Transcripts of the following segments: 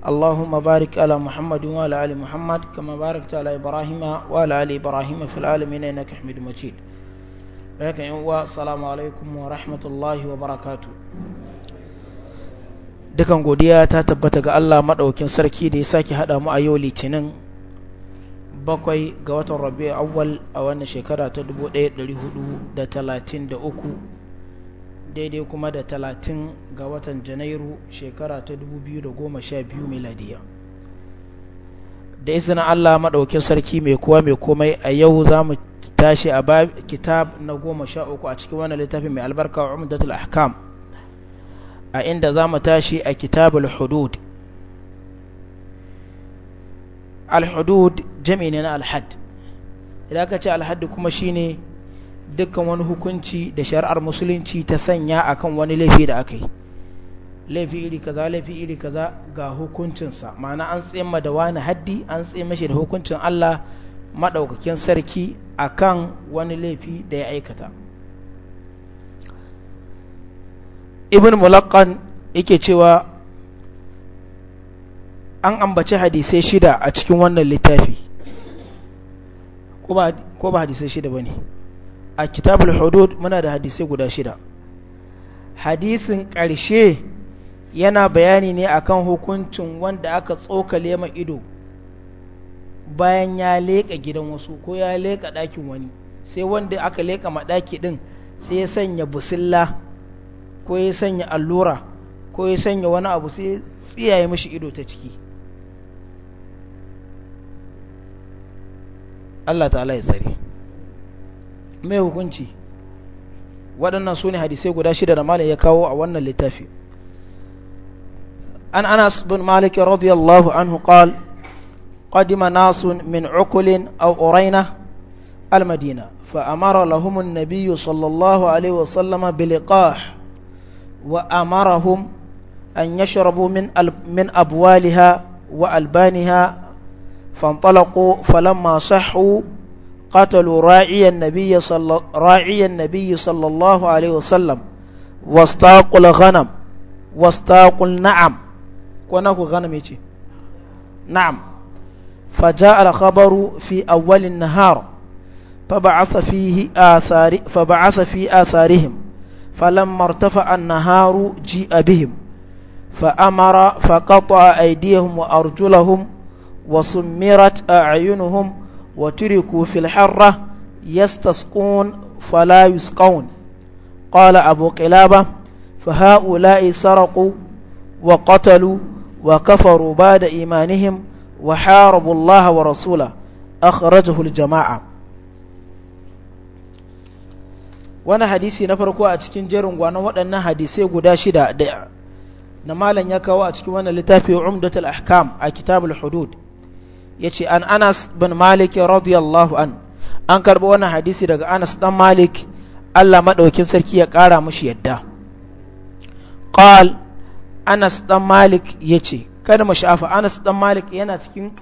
اللهم بارك على محمد وعلى ال محمد كما باركت على ابراهيم وعلى ال ابراهيم في العالمين انك حميد مجيد السلام عليكم ورحمة الله وبركاته dukan godiya ta tabbata ga Allah madaukin sarki da ya saki hada mu a yau litinin bakwai ga watan rabi'u awwal a wannan shekara ta 1433 daidai kuma da talatin ga watan janairu shekara ta 2012 miladiya da izinin allah maɗaukin sarki mai kuwa mai komai a yau za mu tashi a kitab na goma sha uku a cikin wani littafi mai albarka wa umdatul ahkam a inda za mu tashi a kitabul hudud al-hudud ne na al-had idan ka ce al-had kuma shine dukkan wani hukunci da shari'ar musulunci ta sanya akan wani laifi da aka yi laifi iri kaza laifi iri kaza ga hukuncinsa ma'ana an tsima da wani haddi an tsima shi da hukuncin Allah maɗaukakin sarki akan wani laifi da ya aikata ibn mulaqan yake cewa an ambaci hadisai shida a cikin wannan littafi ko ba hadisai shida ba ne a kitabul hudud muna da hadisai guda shida hadisin ƙarshe yana bayani ne akan hukuncin wanda aka tsokale ma ido bayan ya leƙa gidan wasu ko ya leƙa ɗakin wani sai wanda aka leƙa maɗaki ɗin sai ya sanya busilla ko ya sanya allura ko ya sanya wani abu sai tsiyaye mashi ido ta ciki Allah ta'ala ya tsare mai hukunci waɗannan su hadisai guda shida da malin ya kawo a wannan littafi an ana bin malikin radiyallahu an hukal ƙadima nasu min ukulin al’uraina almadina fa’amara lahumun nabiyu sallallahu alaihi wasallama biliƙa wa’amara hum an ya sharabu min abuwaliha wa albaniha fantalako falon masu قتلوا راعي النبي صلى راعي النبي صلى الله عليه وسلم واستاقوا الغنم واستاقوا النعم كونكو غنم يجي نعم فجاء الخبر في أول النهار فبعث فيه آثار فبعث في آثارهم فلما ارتفع النهار جيء بهم فأمر فقطع أيديهم وأرجلهم وسمرت أعينهم وتركوا في الحرة يستسقون فلا يسقون قال أبو قلابة فهؤلاء سرقوا وقتلوا وكفروا بعد إيمانهم وحاربوا الله ورسوله أخرجه الجماعة wani hadisi na farko a cikin jerin gwanon waɗannan hadisai guda shida da na malam ya kawo a cikin wannan littafi umdatul ahkam a kitabul hudud Ya ce an Anas bin Malik radiyallahu an an karbo wannan hadisi daga Anas dan Malik Allah madaukin sarki ya kara mushi yadda qal Anas dan Malik yace kada mu shafa Anas dan Malik yana cikin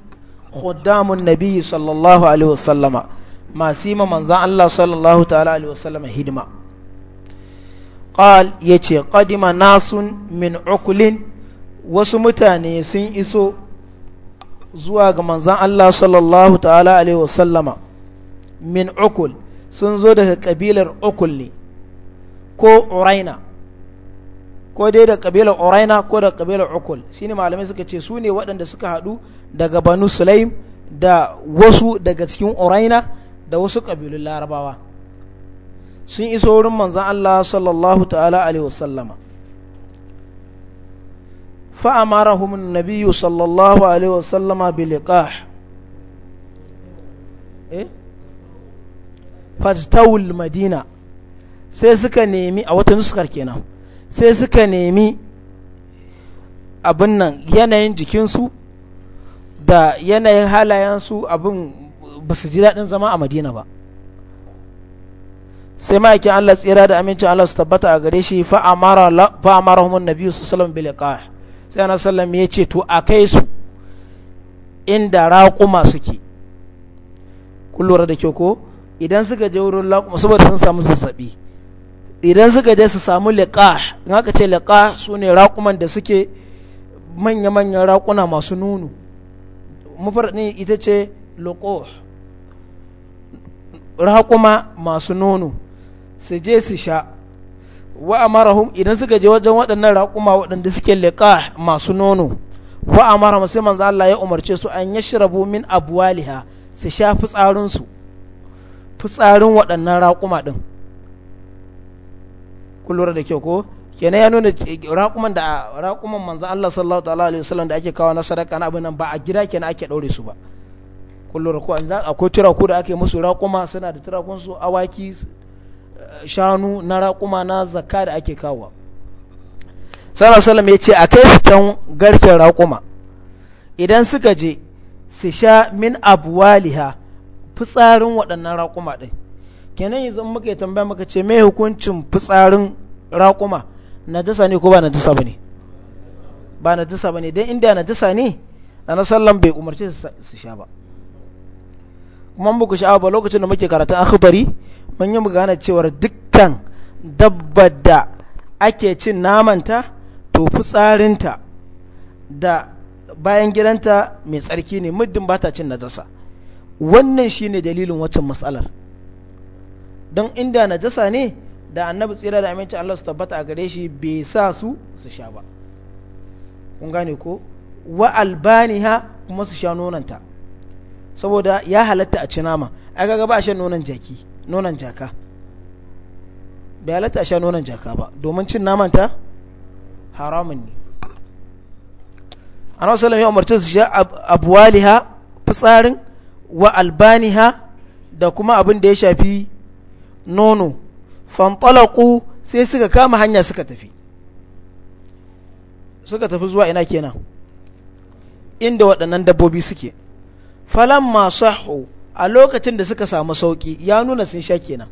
khuddamun nabi sallallahu alaihi wasallama masu yi manzan Allah sallallahu ta'ala alaihi wasallama hidima ya ce qadima nasun min uqlin wasu mutane sun iso zuwa ga manzan Allah sallallahu ta'ala alaihi wasallama min ukul sun zo daga kabilar ukul ne ko uraina ko dai da kabilar uraina ko da kabilar ukul shine malamai suka ce su ne waɗanda suka haɗu daga banu sulaim da wasu daga cikin uraina da wasu kabilun larabawa sun iso wurin manzan Allah sallallahu ta'ala alaihi wasallama فأمرهم النبي صلى الله عليه وسلم بلقاح إيه؟ فاجتوا المدينة سيسك نيمي أو تنسخر كينا سيسك نيمي abin yanayin jikinsu da yanayin halayensu abin ba su ji daɗin zama a madina ba sai ma'aikin allah tsira da amincin allah su tabbata a gare shi fa'amara hun nabi su salam biliqah sai ana sallam ya ce to a kai su inda raƙuma suke kullura da kyau ko idan suka je wurin raƙuma saboda sun samu zazzabi idan suka je su samu liƙa in aka ce liƙa su ne raƙuman da suke manya-manyan raƙuna masu nunu mafarɗin ita ce liƙo raƙuma masu nunu su je su sha wa amarahum idan suka je wajen waɗannan raƙuma waɗanda suke leƙa masu nono wa amara sai manzo Allah ya umarce su an yashrabu min abwaliha su sha fitsarin su fitsarin waɗannan raƙuma din kullura da kyau ko kenan ya nuna raƙuman da raƙuman manzo Allah sallallahu ta'ala alaihi wasallam da ake kawo na sadaka na abin nan ba a gida kenan ake daure su ba kullura ko an akwai turaku da ake musu raƙuma suna da turakun su awaki shanu na raƙuma na zakka da ake kawo sallallahu alaihi ya ce a su can garken raƙuma idan suka je su sha min abwaliha fitsarin waɗannan raƙuma ɗin kenan yanzu muka yi tambaya muka ce mai hukuncin fitsarin raƙuma najasa ne ko ba najasa ba ne ba najasa ba ne don inda najasa ne a sallan bai umarce su sha ba kuma muku sha'awa ba lokacin da muke karatun akhbari mun yi magana cewa dukkan dabba da ake cin namanta to fitsarinta da bayan gidanta mai tsarki ne muddin ba ta cin najasa wannan shine dalilin waccan matsalar don inda najasa ne da annabi tsira da aminci Allah su tabbata a gare shi bai sa su su sha ba kun gane ko wa albaniha kuma su sha nonanta saboda ya halatta a ci nama a ga ba a shan nonon jaki nonon jaka bai halatta a sha nonon jaka ba domin cin naman ta haramun ne an wasu ya umarci su sha abwaliha fitsarin wa albaniha da kuma abin da ya shafi nono fantalaqu sai suka kama hanya suka tafi suka tafi zuwa ina kenan inda waɗannan dabbobi suke Falan masu a lokacin da suka samu sauki ya nuna sun sha kenan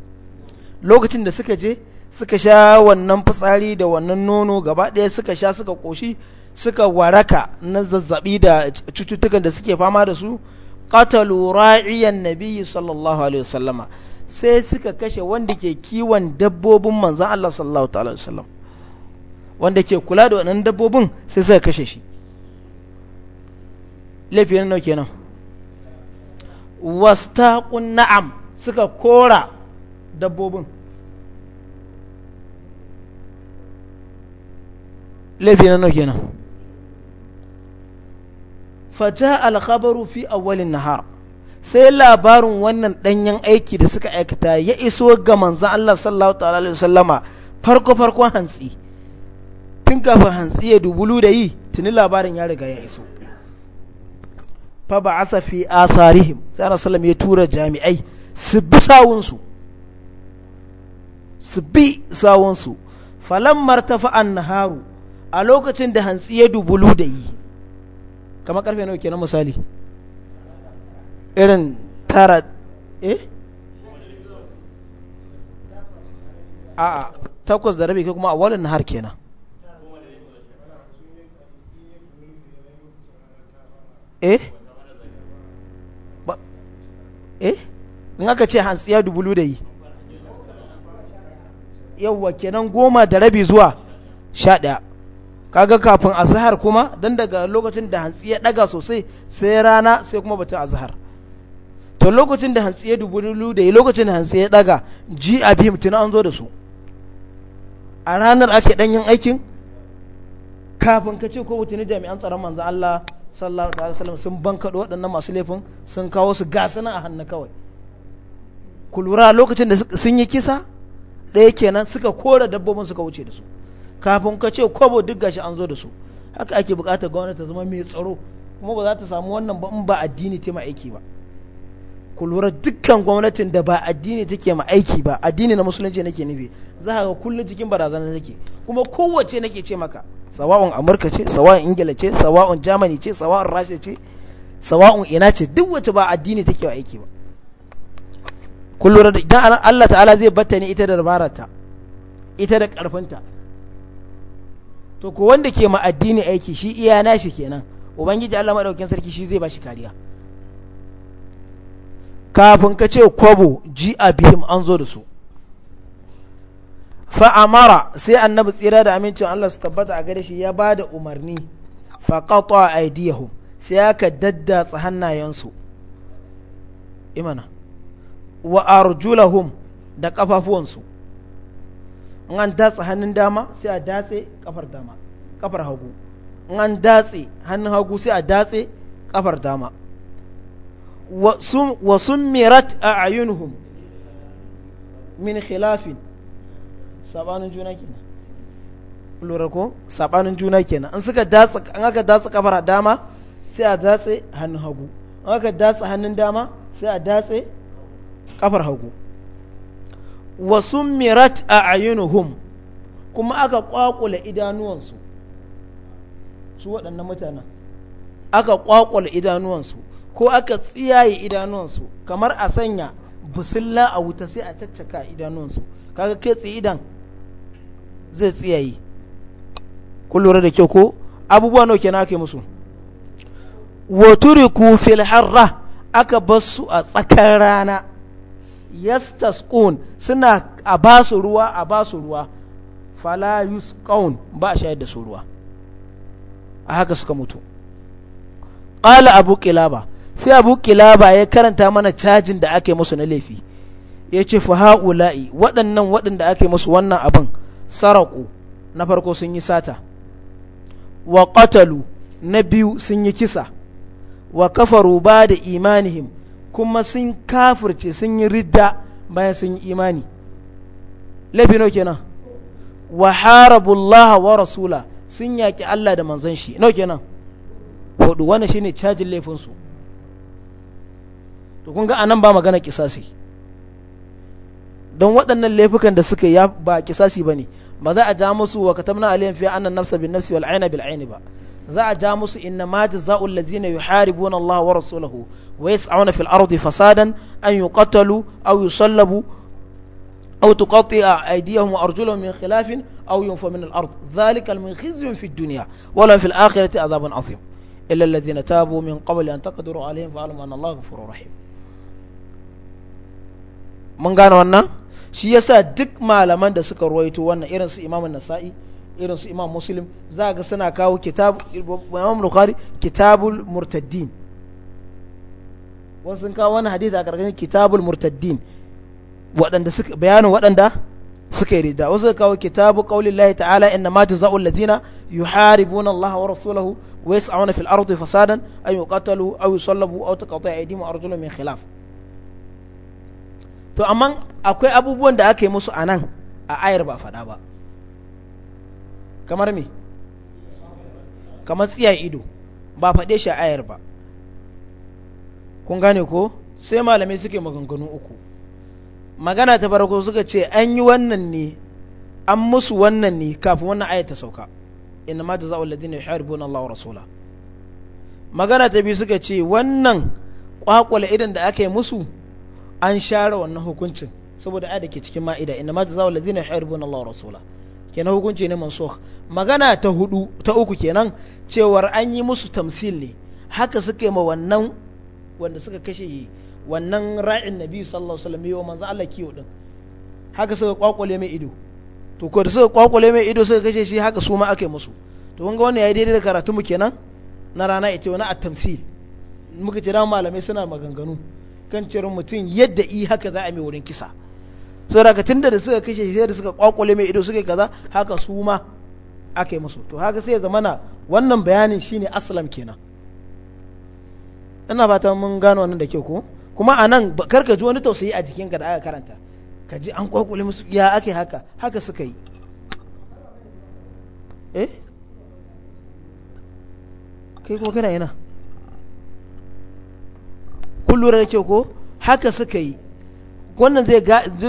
lokacin da suka je suka sha wannan fitsari da wannan nono gaba ɗaya suka sha suka ƙoshi suka waraka na zazzabi da cututtukan da suke fama da su qatalu ra'iyan nabiyyi sallallahu alaihi wasallama sai suka kashe wanda ke kiwon dabbobin manzon Allah sallallahu ta'ala wasallam wanda ke kula da wannan dabbobin sai suka kashe shi laifin nawa kenan wastaƙun na'am suka kora dabbobin laifi na nauke nan fata alkhabaru fi awalin nahar sai labarin wannan ɗanyen aiki da suka aikata ya iso ga manzan Allah sallallahu ta'ala alaihi Sallama farko farkon hantsi tun kafin hantsi ya dubulu da yi tuni labarin ya riga ya iso fa asa fi atharihim sai ana sallam ya tura jami'ai su bi sawunsu su bi sawunsu martafa an naharu a lokacin da hantsi ya dubulu da yi kamar karfe nawa kenan misali irin tara eh a'a takwas da rabi kai kuma a walin nahar kenan eh eh in aka ce hantsiya dubulu da yi yawwa kenan goma da rabi zuwa sha ɗaya kaga kafin azahar kuma don daga lokacin da hantsi ya ɗaga sosai sai rana sai kuma batun azahar to lokacin da hantsi ya dubulu da yi lokacin da hantsi ya ɗaga ji a bi mutum an zo da su a ranar ake ɗanyen aikin kafin ka ce ko mutum jami'an tsaron manzan Allah sallallahu alaihi wasallam sun bankaɗo waɗannan masu laifin sun kawo su gasana a hannu kawai ku lokacin da sun yi kisa ɗaya kenan suka kora dabbobin suka wuce da su kafin ka ce kwabo duk gashi an zo da su haka ake bukatar gwamnati ta zama mai tsaro kuma ba za ta samu wannan ba in ba addini ta aiki ba ku dukkan gwamnatin da ba addini take ma aiki ba addini na musulunci nake nufi za ka ga kullum cikin barazana take kuma kowace nake ce maka sawa'un amurka ce sawa'un ingila ce sawa'un germany ce sawa'un rasha ce sawa'un ina ce duk wacce ba addini take wa aiki ba kun da idan Allah ta'ala zai batta ne ita da dabararta ita da karfinta to ko wanda ke ma addini aiki shi iya nashi kenan ubangiji Allah madaukakin sarki shi zai ba shi kariya kafin ka ce kwabo ji a bihim an zo da su fa'amara sai annabi tsira da amincin Allah su tabbata a gare shi ya ba da umarni faƙaƙa a aidiyahu sai aka daddatsa hannayensu imana wa arjulahum da ƙafafuwansu in an datsa hannun dama sai a datse ƙafar dama ƙafar hagu in an datse hannun hagu sai a datse ƙafar dama وسمرت summirat من خلاف سبان sabanin kenan sabanin juna kenan an suka datsa an aka datsa kafar dama sai a datse hannun hagu an aka datsa hannun dama sai a datse kafar hagu wa summirat a kuma aka kwakula idanuwansu aka kwakula idanuwansu ko aka tsiyaye idanunsu kamar a sanya busilla a wuta sai a caccaka idanunsu kaga ke tsi idan zai tsiyaye kun lura da kyau ko abubuwa nawa kenan ake musu waturiku fil harra aka basu a tsakar rana yastasqun suna a basu ruwa a basu ruwa fala yusqaun ba a shayar da su ruwa a haka suka mutu Ƙala abu qilaba sai abu kilaba ya karanta mana cajin da ake musu na laifi ya ce fa ha'ula'i waɗannan waɗanda ake musu wannan abin saraku na farko sun yi sata wa ƙatalu na biyu sun yi kisa wa kafaru ba da imanihim kuma sun kafirce sun yi ridda bayan sun yi imani laifi nauke nan wa harabullaha wa rasula sun yaƙi Allah da manzan shi nau kenan hudu wannan shine cajin laifinsu to kun ga anan ba magana kisasi don waɗannan laifukan da suka yi ba kisasi ba ne ba za a ja musu wa katamna aliyan fiye annan nafsa bin nafsi wal'aina bil'aini ba za a ja musu inna ma ji za'un lazina haribu na Allah wa rasulahu wa yi tsawon fil arodi fasadan an yi kwatalu au yi sallabu au tu kwatse a aidiyahu a arjulon min khilafin au yi fomin al'ard zalikal min khizin fi duniya walan fil akhirati azabun azim illa lazina tabo min qabali an takaduru alayhim fa'alamu an Allah gafuru rahim mun gane wannan shi yasa duk malaman da suka ruwaito wannan irin su imamun nasa'i irin su imam muslim za ga suna kawo kitabul murtaddin wani sun kawo wani hadisi a ƙarƙashin kitabul murtaddin waɗanda suka bayanin waɗanda suka yi rida wasu kawo kitabu qaulillahi ta'ala inna ma jazaa'ul ladina yuharibuna Allah wa rasulahu wa yas'una fil ardi fasadan ay yuqatalu aw yusallabu aw taqta'a aydihim arjuluhum min khilaf to amma akwai abubuwan da aka yi musu a nan a ayar ba faɗa ba kamar me kamar tsiya ido ba faɗe shi a ayar ba kun gane ko sai malamai suke maganganu uku magana ta farko suka ce an yi wannan ne an musu wannan ne kafin wannan ayar ta sauka inna ma jaza'u alladhina yuharibuna Allah rasula magana ta biyu suka ce wannan kwakwala idan da aka yi musu an share wannan hukuncin saboda ayat da ke cikin ma'ida inna ma jazaa'u allazina yuhibbuna Allah wa rasula kenan hukunci ne mansukh magana ta hudu ta uku kenan cewar an yi musu tamsil ne haka suka ma wannan wanda suka kashe wannan ra'in nabi sallallahu alaihi wasallam yau manzo Allah kiyo din haka suka kwakwale mai ido to ko da suka kwakwale mai ido suka kashe shi haka su ma aka yi musu to kun ga wannan yayi daidai da karatu mu kenan na rana ita wani at-tamsil muka ce da malamai suna maganganu kan cewar mutum yadda i haka za a mai wurin kisa da tun da suka kashe sai da suka kwakwale mai ido suka kaza haka su ma aka yi musu to haka sai ya zama na wannan bayanin shine aslam kenan ina fata mun gano wannan da kyau ko kuma a nan karka ji wani tausayi a jikin ka da aka karanta ka ji an kwakwale musu ya ake haka haka suka yi eh kai kuma kana yana kun lura da kyau ko haka suka yi wannan zai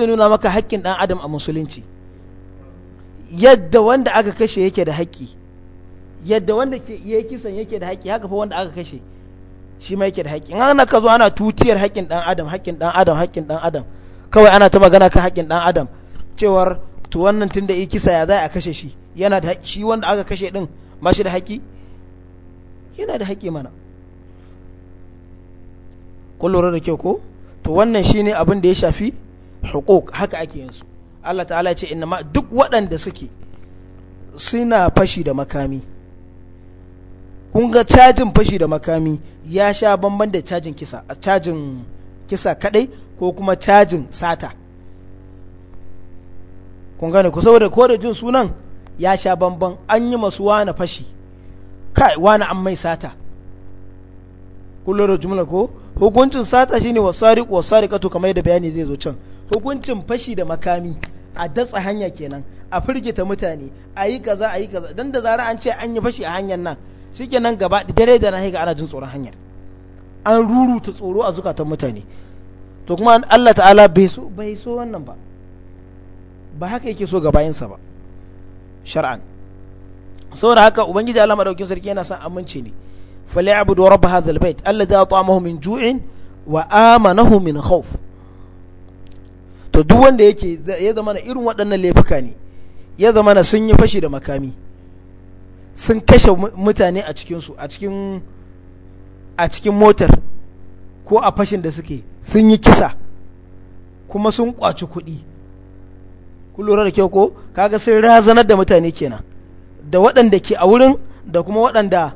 nuna maka haƙƙin ɗan adam a musulunci yadda wanda aka kashe yake da haƙƙi yadda wanda ya kisan yake da haƙƙi haka fa wanda aka kashe shi ma yake da haƙƙi in ana ka zo ana tutiyar haƙƙin ɗan adam haƙƙin ɗan adam haƙƙin ɗan adam kawai ana ta magana kan haƙƙin ɗan adam cewar to wannan tunda ya kisa ya za a kashe shi yana da shi wanda aka kashe din ba shi da haƙƙi yana da haƙƙi mana kun lura da kyau ko to wannan shine abin da ya shafi hukuk haka ake yin su Allah ta'ala ce inna ma duk waɗanda suke suna fashi da makami kun ga cajin fashi da makami ya sha bambam da cajin kisa a cajin kisa kadai ko kuma cajin sata kun gane ku saboda ko da jin sunan ya sha bambam an yi masu wani fashi kai wani an mai sata kullum da jumla ko hukuncin sata shine wasariq wasariqatu kamar yadda bayani zai zo can hukuncin fashi da makami a datsa hanya kenan a firgita mutane a yi kaza a yi kaza dan da zara an ce an yi fashi a hanyar nan nan gaba dare da na ga ana jin tsoron hanyar an ruruta tsoro a zukatan mutane to kuma Allah ta'ala bai so bai so wannan ba ba haka yake so gabayinsa ba shar'an saboda haka ubangiji Allah madaukin sarki yana son aminci ne فليعبدوا رب هذا البيت الذي أطعمه من جوع وآمنه من خوف to duk wanda yake ya zama na irin waɗannan laifuka ne ya zama na sun yi fashi da makami sun kashe mutane a cikinsu a cikin a cikin motar ko a fashin da suke sun yi kisa kuma sun kwaci kuɗi ku lura da kyau ko kaga sun razanar da mutane kenan da waɗanda ke a wurin da kuma waɗanda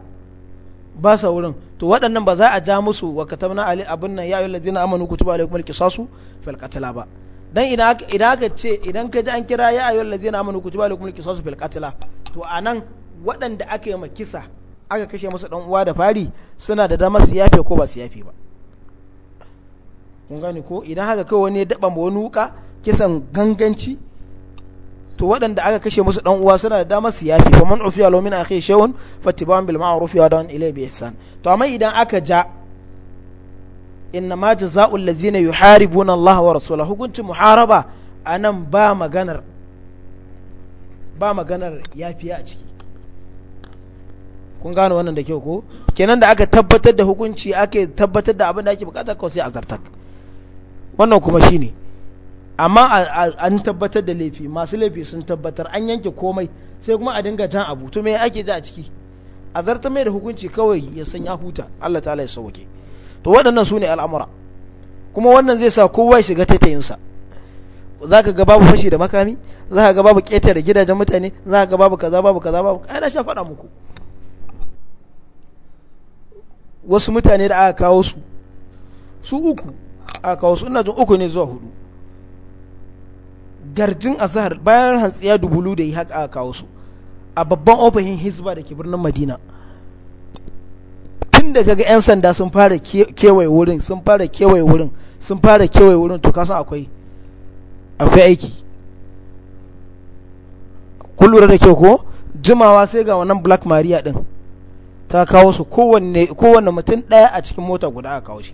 ba sa wurin to waɗannan ba za a ja musu wa katabna ali abin nan ya yi ladina amanu kutiba alaykum al-qisasu fil qatla ba dan idan idan aka ce idan ka ji an kira ya ayyuhal ladina amanu kutiba alaykum al-qisasu fil qatla to anan waɗanda aka yi ma kisa aka kashe musu dan uwa da fari suna da damar su yafe ko ba su yafe ba kun gane ko idan haka kai wani ya daba ma wani wuka kisan ganganci to waɗanda aka kashe musu dan uwa suna da damar su yafi fa man ufiya lo min akhi shay'un fattiban bil ma'ruf wa dan ilay bi ihsan to amma idan aka ja inna ma jazaa'u allazina yuharibuna Allah wa rasulahu hukuncin muharaba anan ba maganar ba maganar yafiya a ciki kun gano wannan da kyau ko kenan da aka tabbatar da hukunci ake tabbatar da abin da ake bukata ko sai azartar wannan kuma shine amma an tabbatar da laifi masu laifi sun tabbatar an yanke komai sai kuma a dinga jan abu to me ake ji a ciki a zarta mai da hukunci kawai ya san ya huta Allah ta'ala ya sauke to waɗannan su ne al'amura kuma wannan zai sa kowa ya shiga tattayinsa za ka ga babu fashi da makami za ka ga babu ƙetare gidajen mutane za ka ga babu kaza babu kaza babu ai na sha faɗa muku wasu mutane da aka kawo su su uku aka kawo su ina jin uku ne zuwa hudu garjin azahar bayan hantsiya dubulu da yi haka a kawo su a babban ofishin hisba da ke birnin madina tun da ga 'yan sanda sun fara kewaye wurin sun fara kewaye wurin sun fara kewaye wurin to kasan akwai akwai aiki kun da kyau ko jimawa sai ga wannan black maria din ta kawo su kowanne mutum ɗaya a cikin mota guda a kawo shi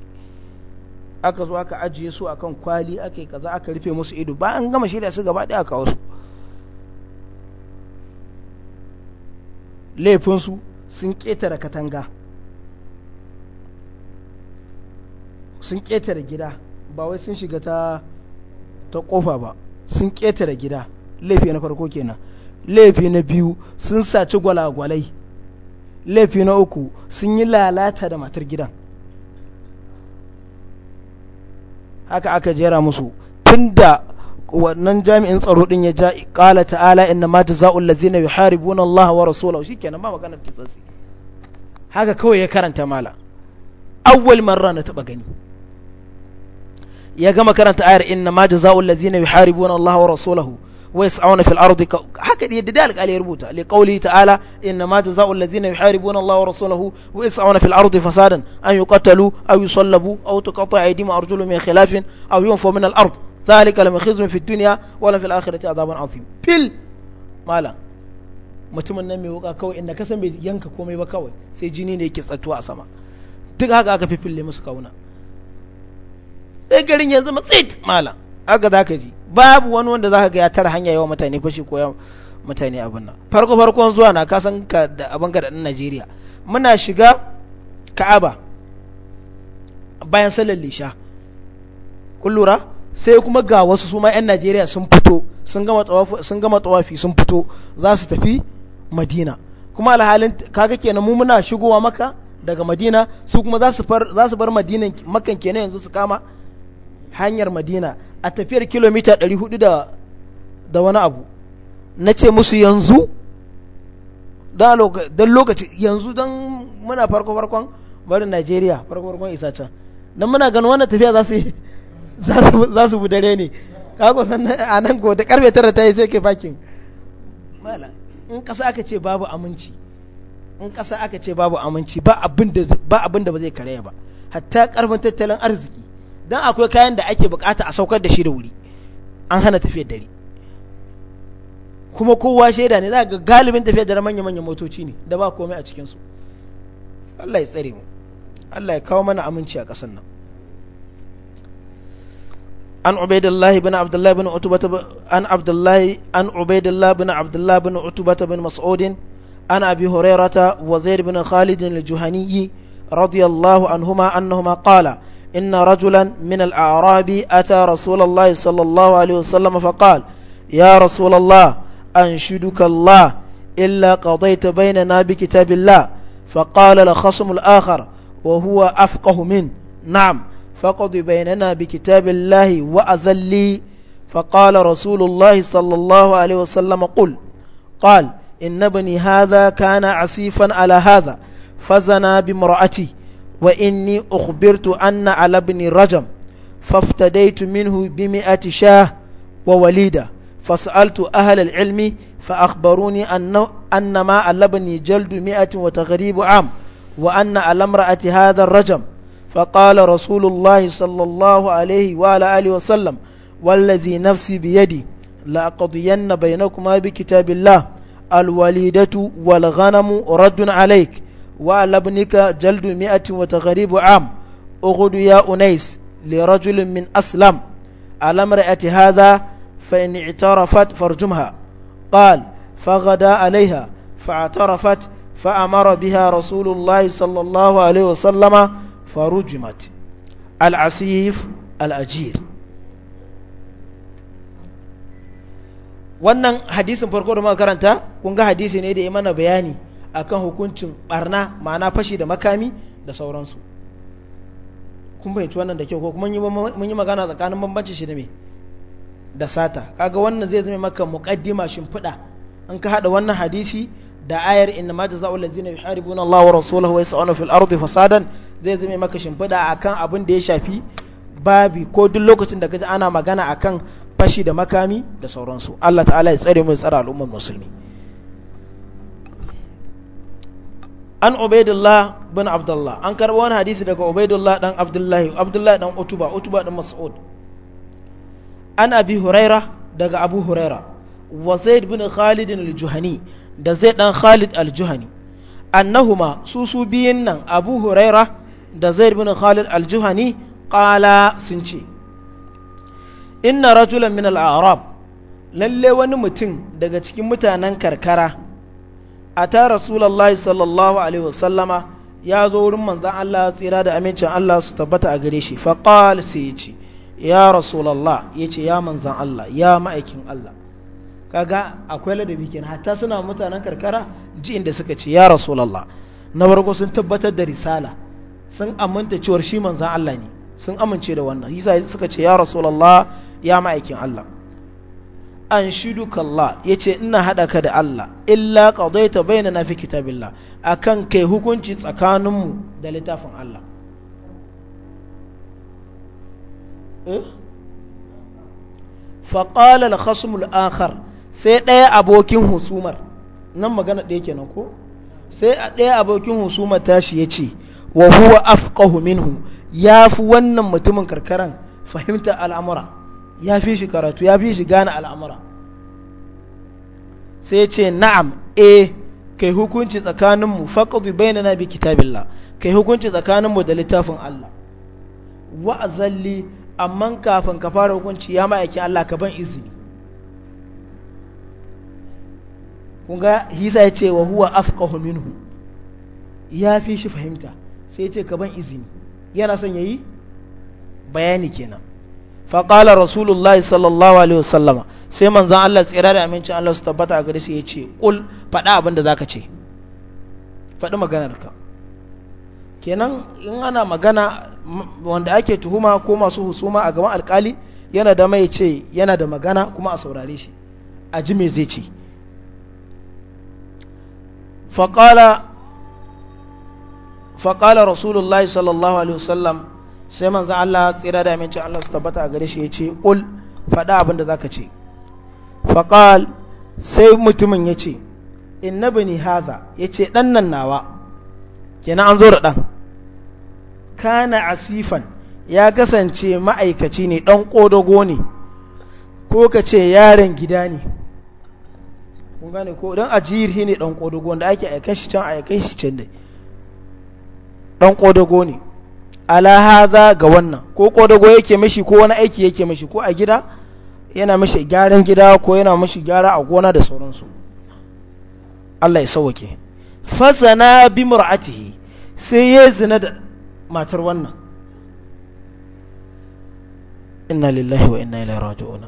aka zo aka ajiye su akan kwali ake kaza aka rufe musu ido ba an gama shirya su gaba ɗaya kawo su laifinsu sun ƙetare katanga sun ƙetare gida ba wai sun shiga ta ta ƙofa ba sun ƙetare gida laifi na farko kenan laifi na biyu sun saci gwalagwalai laifi na uku sun yi lalata da matar gidan haka aka jera musu tunda wannan jami'in tsaro din ya ja qala ta'ala inna ma jazaa'ul ladzina yuharibuna Allah wa rasulahu shikenan ba maganar tsatsi haka kawai ya karanta mala awwal marra na taba gani ya gama karanta ayar inna ma jazaa'ul ladzina yuharibuna Allah wa rasulahu ويسعون في الأرض هكذا يد ذلك قال يربوتا لقوله تعالى إنما جزاء الذين يحاربون الله ورسوله ويسعون في الأرض فسادا أن يقتلوا أو يصلبوا أو تقطع أيديهم أرجلهم من خلاف أو ينفوا من الأرض ذلك لم يخزهم في الدنيا ولا في الآخرة عذاب عظيم بل ما لا ما mai wuka kawai كوي kasan bai yanka komai بكوي kawai sai jini ne yake tsattuwa a sama duk haka aka fifille musu kauna aka za ka ji babu wani wanda za ka ga ya tara hanya yawa mutane fashi ko mutane abin nan farko farkon zuwa na kasan ka da abin ka najeriya muna shiga ka'aba bayan sallar lisha kun sai kuma ga wasu su ma 'yan najeriya sun fito sun gama tsawafi sun fito za su tafi madina kuma alhalin kaga kenan mu muna shigowa maka daga madina su kuma za su bar madinan makan kenan yanzu su kama hanyar madina a tafiyar kilomita 400 da da wani abu na ce musu yanzu don lokaci yanzu don muna farko-farkon barin najeriya farko-farkon isa can don muna gano wannan tafiya za su budare ne kago a nan gobe karfe tara ta yi sai ke bakin mala in kasa aka ce babu aminci in kasa aka ce babu aminci ba abin da ba zai karaya ba hatta karfin tattalin arziki don akwai kayan da ake bukata a saukar da shi da wuri an hana tafiyar dare kuma kowa shaida ne za ga galibin tafiyar dare manya-manyan motoci ne da ba komai a cikinsu Allah ya tsare mu Allah ya kawo mana aminci a ƙasar nan an ubaidillahi bin abdullahi bin utubata an abdullahi an ubaidillahi bin abdullahi bin utubata bin mas'udin an abi hurairata wa zaid bin khalid al-juhani radiyallahu anhuma annahuma qala إن رجلا من الأعراب أتى رسول الله صلى الله عليه وسلم فقال يا رسول الله أنشدك الله إلا قضيت بيننا بكتاب الله فقال لخصم الآخر وهو أفقه منه نعم فقض بيننا بكتاب الله وأذلي فقال رسول الله صلى الله عليه وسلم قل قال إن ابني هذا كان عسيفا على هذا فزنا بمرأتي wa inni ukhbirtu anna ala ibn rajam faftadaitu minhu bi mi'ati shah wa walida fasaltu ahla al-ilmi fa akhbaruni anna anna ma ala ibn jald mi'atin wa taghribu am wa anna ala imra'ati hadha rajam fa qala rasulullah sallallahu alayhi wa ala alihi wa sallam والذي نفسي بيدي لا بينكما بكتاب الله الوليدة والغنم رد عليك وعلى ابنك جلد مئة وتغريب عام أغد يا أنيس لرجل من أسلم على امرأة هذا فإن اعترفت فارجمها قال فغدا عليها فاعترفت فأمر بها رسول الله صلى الله عليه وسلم فرجمت العسيف الأجير wannan hadisin farko da muka karanta kun ga hadisi ne da ya mana bayani akan hukuncin barna ma'ana fashi da makami da sauransu kun fahimci wannan da kyau ko kuma mun yi magana tsakanin bambanci shi da me da sata kaga wannan zai zama maka muqaddima shimfiɗa in ka hada wannan hadisi da ayar inna ma jazaa'ul ladzina yuharibuna Allah wa rasulahu wa yas'una fil ardi fasadan zai zama maka shimfiɗa akan abin da ya shafi babi ko duk lokacin da kaji ana magana akan fashi da makami da sauransu Allah ta'ala ya tsare mu tsara al'ummar musulmi an ubaidullah bin abdullah an karɓo wani hadisi daga ubaidullah dan abdullahi abdullahi dan utuba utuba dan mas'ud an abi huraira daga abu huraira wa zaid bin khalid al-juhani da zaid dan khalid al-juhani annahuma su su biyin nan abu huraira da zaid bin khalid al-juhani qala sun ce inna rajulan min al-a'rab lalle wani mutum daga cikin mutanen karkara ata rasulallah sallallahu alaihi wasallama ya zo wurin manzan Allah tsira da amincin Allah su tabbata a gare shi faqal sai ya ce ya rasulallah ya ce ya manzan Allah ya ma'aikin Allah kaga akwai ladabi kenan hatta suna mutanen karkara ji inda suka ce ya rasulallah na farko sun tabbatar da risala sun aminta cewar shi manzan Allah ne sun amince da wannan yasa suka ce ya rasulallah ya ma'aikin Allah an shiduka Allah ya ce ina haɗa ka da Allah illa ƙadaita bayyana na fi kitabillah a kan kai hukunci tsakaninmu da littafin Allah eh? faƙalar khasmul akhar sai ɗaya abokin husumar nan magana ɗaya kenan ko sai a ɗaya abokin husumar tashi ya ce wa huwa afqahu minhu ya fi wannan mutumin karkaran fahimtar al'amura ya fi shi karatu ya fi shi gane al'amura sai ce na'am e kai hukunci tsakaninmu na na bi kitabillah kai hukunci tsakaninmu da littafin Allah wa zalli amma kafin ka fara hukunci ya ma'aikin Allah ka ban izini kunga hisa ya ce wa huwa afka minhu ya fi shi fahimta sai ce ka ban izini yana son yayi bayani kenan faƙala rasulullahi sallallahu alaihi wasallama sai manzan Allah tsira da amincin Allah su tabbata a gare shi ya ce ƙul faɗa abin da za ka ce faɗi maganarka kenan in ana magana wanda ake tuhuma ko masu husuma a gaban alƙali yana da mai ce yana da magana kuma a saurare shi a ji me zai ce faƙala faƙala rasulullahi sallallahu alaihi wasallam sai manzo Allah tsira da aminci Allah su tabbata a gare shi ya ce ƙul faɗa abin da za ka ce faƙal sai mutumin ya ce inna bani haza ya ce ɗan nan nawa kenan an zo da ɗan kana asifan ya kasance ma'aikaci ne ɗan ƙodago ne ko ka ce yaren gida ne kun gane ko don ajiyarhi ne ɗan ƙodago wanda ake aikan can aikan can dai ɗan ƙodago ne ala haza ga wannan ko kodago yake mishi ko wani aiki yake mishi ko a gida yana mishi gyaran gida ko yana mishi gyara a gona da sauransu Allah ya sauke fasana bi mur'atihi sai ya zina da matar wannan inna lillahi wa inna ilaihi raji'un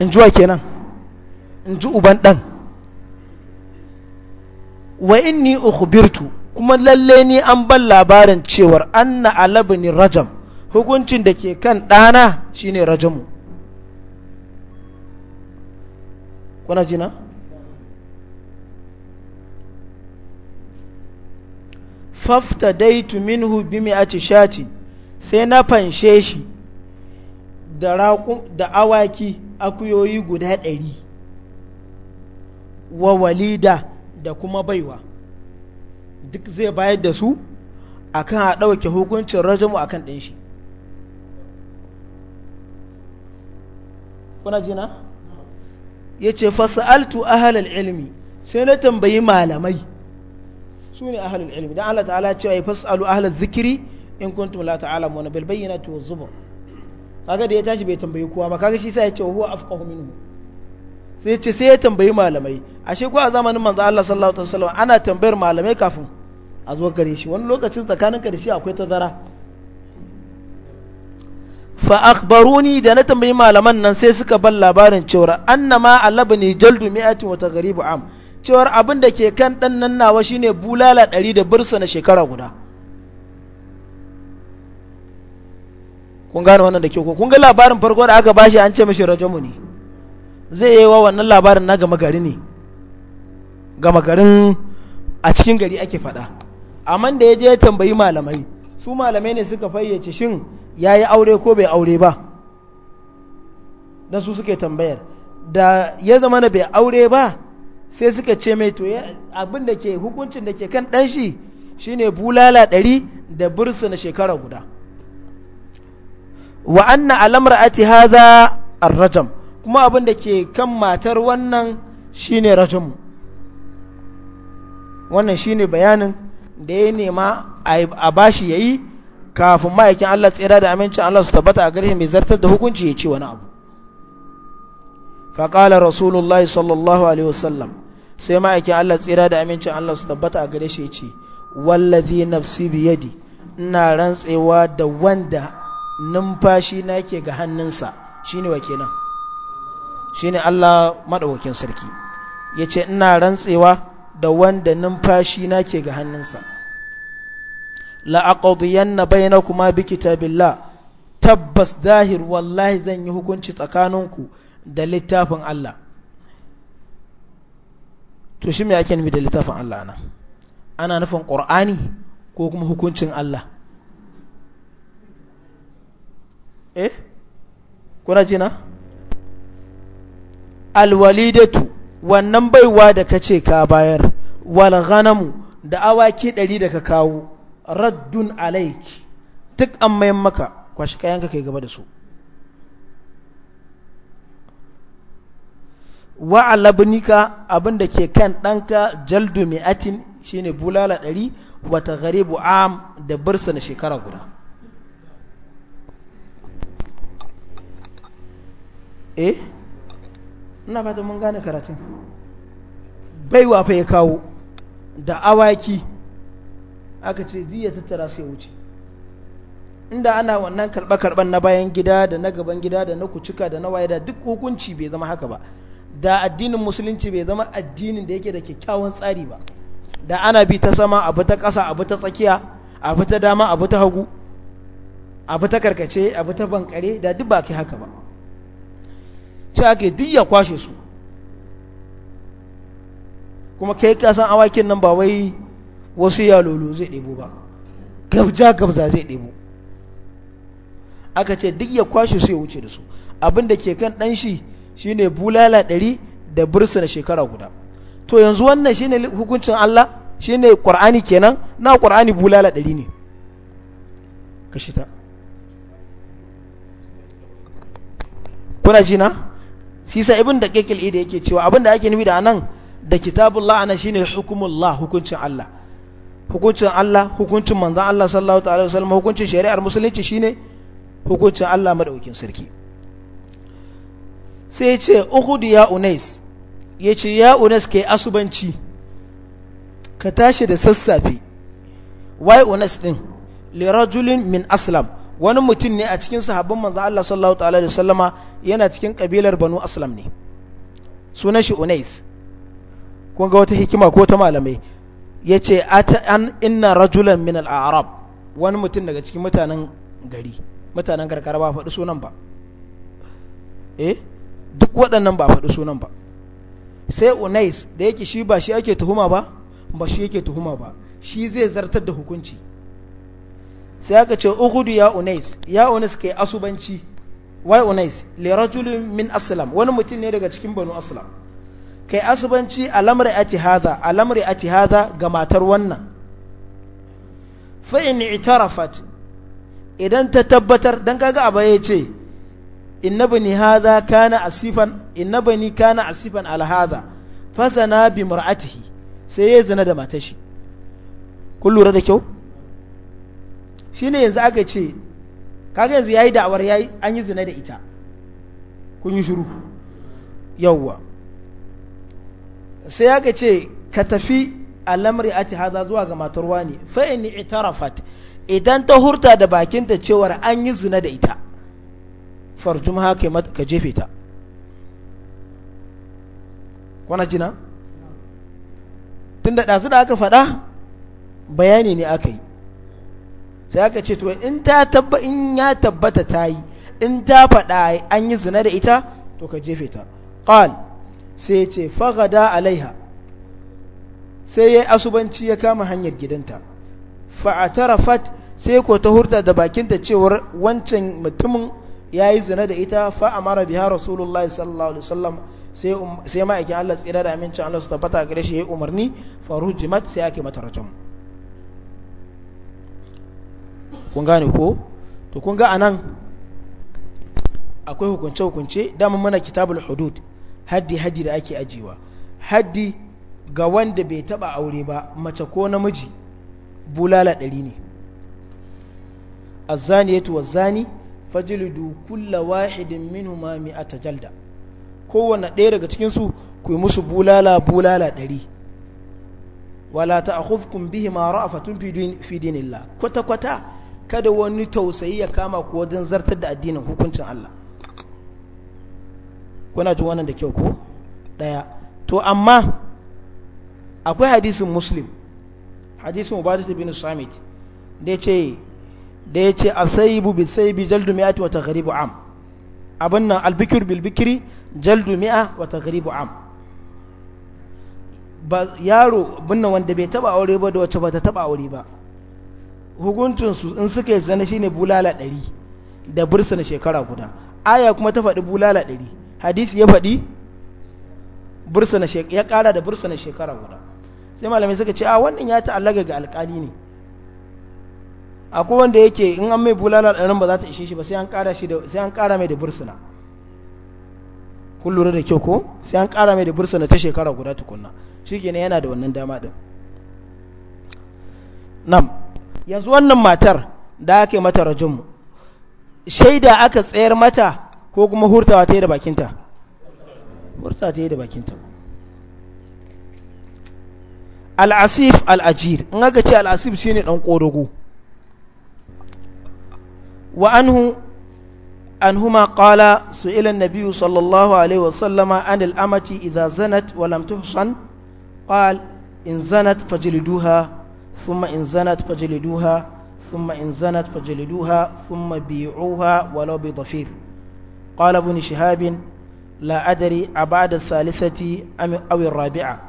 in ji wa kenan in ji uban dan wa inni ukhbirtu kuma lalle ni an ban labarin cewar anna alabini rajam hukuncin da ke kan ɗana shine rajamu kuna jina fafta daitu minhu bi mi'ati shati sai na fanshe shi da awaki akuyoyi guda ɗari wa walida da kuma baiwa duk zai bayar da su akan a ɗauke hukuncin rajamu akan ɗin shi kuna jina ya ce fasa'altu ahalar ilmi sai na tambayi malamai su ne ahalar ilmi don Allah ta'ala cewa ya fasa'alu ahalar zikiri in kuntum la ta'ala mana bil bayyinati wa zubur kaga da ya tashi bai tambayi kowa ba kaga shi sai ya ce huwa afqahu minhu sai ya ce sai ya tambayi malamai ashe ko a zamanin manzo Allah sallallahu alaihi wasallam ana tambayar malamai kafin a zuwa gare shi wani lokacin tsakanin ka da shi akwai tazara fa akhbaruni da na tambayi malaman nan sai suka ban labarin cewar annama alabni jaldu mi'atin wa gari am cewar abin da ke kan dan nan nawa shine bulala ɗari da bursa na shekara guda kun gane wannan da ke ko kun ga labarin farko da aka bashi an ce mishi rajamu ne zai yi wa wannan labarin na gama gari ne gama garin a cikin gari ake faɗa amma da ya je ya tambayi malamai su malamai ne suka fayyace shin ya yi aure ko bai aure ba don su suke tambayar da ya zama na bai aure ba sai suka ce mai to abin da ke hukuncin da ke kan ɗan shi shine bulala ɗari da bursu na shekara guda wa'anna alamar ati haza arrajam kuma abin da ke kan matar wannan shine rajamu wannan shine bayanin da ya nema a bashi ya yi kafin ma'aikin Allah tsira da amincin Allah su tabbata a gare mai zartar da hukunci ya ce wani abu faƙalar rasulullah sallallahu alaihi wasallam sai ma'aikin Allah tsira da amincin Allah su tabbata a gare shi ya ce wallazi nafsi biyadi ina rantsewa da wanda numfashi na ke ga hannunsa shine nan shi shine Allah madaukakin sarki yace ina rantsewa da wanda numfashi na ke ga hannunsa bayyana kuma bi kitabillah tabbas zahir wallahi zan yi hukunci tsakaninku da littafin Allah to shi me ake nufi da littafin Allah ana, ana nufin qur'ani ko kuma hukuncin Allah eh kuna jina alwalidatu wannan baiwa da ka ce ka bayar wal da awaki ɗari da ka kawo raddun alaiki duk an mayan maka kwashi kayanka kai gaba da su wa alabnika abinda ke kan ɗanka jaldu mi'atin shine bulala ɗari wata garibu am da birsa na shekara guda eh ina fata mun gane karatun baiwa fa ya kawo da awaki aka ce ya tattara sai wuce inda ana wannan karɓe-karɓen na bayan gida da na gaban gida da na kucika da na waye da duk hukunci bai zama haka ba da addinin musulunci bai zama addinin da yake da kyakkyawan tsari ba da ana bi ta sama abu ta ƙasa abu ta tsakiya abu ta dama abu ta hagu abu ta karkace abu ta bankare da duk ba ke haka ba sai ake duk ya kwashe su kuma kai kasan awakin nan ba wai wasu yalolo zai ɗebo ba gabja gabza zai ɗebo aka ce duk ya kwashe su ya wuce da su abinda ke kan ɗan shi shine bulala ɗari da bursa na shekara guda to yanzu wannan shine hukuncin Allah shine Qur'ani kenan na Qur'ani bulala ɗari ne kashi ta kuna ji na sisa ibn da kekil ida yake cewa abin da ake nufi da anan da kitabullah ana shine hukumullah hukuncin Allah hukuncin Allah hukuncin manzon Allah sallallahu ta'ala alaihi wasallam hukuncin shari'ar musulunci shine hukuncin Allah madaukin sarki sai ya ce uhud ya unais ya ce ya unais ke asubanci ka tashi da sassafe wai unais din ra'julin min aslam wani mutum ne a cikin sahabban manzo Allah sallallahu ta'ala da sallama yana cikin kabilar Banu Aslam ne sunan shi Unais kun ga wata hikima ko ta malamai yace ce an inna rajulan min al-a'rab wani mutum daga cikin mutanen gari mutanen karkara ba faɗi sunan ba eh duk waɗannan ba faɗi sunan ba sai Unais da yake shi ba shi ake tuhuma ba ba shi yake tuhuma ba shi zai zartar da hukunci sai aka ce uhudu ya unais ya unais kai asubanci wai unais li rajulin min aslam wani mutum ne daga cikin banu aslam kai asubanci alamri ati hadha alamri ati hadha ga matar wannan fa in itarafat idan ta tabbatar dan kaga aba yace inna bani hadha kana asifan innabani kana asifan al hadha zana bi mar'atihi sai ya zina da matashi kun lura da kyau shine yanzu aka ce kaga yanzu yayi da'awar yayi an yi zina da ita kun yi shiru yawwa sai aka ce ka tafi alamri ati hada zuwa ga matar wani fa in itarafat idan ta hurta da bakinta cewar an yi zina da ita farjum haka ka jefe ta kuna jina tun da su da aka faɗa bayani ne aka yi sai aka ce to in ta tabba in ya tabbata ta in ta faɗa an yi zina da ita to ka jefe ta qal sai ce faghada alaiha sai yayi asubanci ya kama hanyar gidanta fa'atarafat sai ko ta hurta da bakinta cewar wancan mutumin ya yi zina da ita fa'amara biya rasulullahi sallallahu alaihi wasallam um-, sai ma'aikin Allah tsira da amincin Allah su tabbata gare shi ya yi umarni faru jimat sai ake mata rajam kun gane ko to kun ga anan akwai hukunce hukunce dama mana kitabul hudud haddi haddi da ake ajiwa haddi ga wanda bai taba aure ba mace ko namiji bulala dari ne azzaniyatu wazzani fajlidu kulla wahidin minhuma mi'ata jalda kowanne ɗaya daga cikin su ku yi musu bulala bulala ɗari wala bihi ma ra'fatun fi dinillah kwata kwata kada wani tausayi ya kama ku wajen zartar da addinin hukuncin Allah kuna ji wannan da kyau ko daya to amma akwai hadisin muslim hadisin ubadatu bin samit da ya ce da ya ce asaibu bi saibi jaldu mi'ati wa taghribu am abin nan albikir bil bikri jaldu mi'a wa taghribu am ba yaro binnan wanda bai taba aure ba da wacce ba ta taba aure ba hukuncinsu in suka yi zane shine bulala ɗari da bursa na shekara guda aya kuma ta faɗi bulala ɗari hadisi ya faɗi ya ƙara da bursa na shekara guda sai malamai suka ce a wannan ya ta'allaga ga alƙali ne akwai wanda yake in an mai bulala ɗarin ba za ta ishe shi ba sai an ƙara mai da bursuna na lura da kyau ko sai an ƙara mai da bursuna ta shekara guda tukunna shikenan yana da wannan dama ɗin. nam yanzu wannan matar da aka yi mata rajinmu shaida aka tsayar mata ko kuma hurtawa ta yi da bakinta hurtawa ta yi da bakinta al'asif al'ajir in aka ce al'asif shi ne ɗan ƙorogo wa anhu عنهما قال سئل النبي صلى الله عليه وسلم عن الأمة إذا زنت ولم تحصن قال إن زنت فجلدوها ثم إن زنت فجلدوها ثم إن زنت فجلدوها ثم بيعوها ولو بضفيف قال ابن شهاب لا أدري أبعد الثالثة أو الرابعة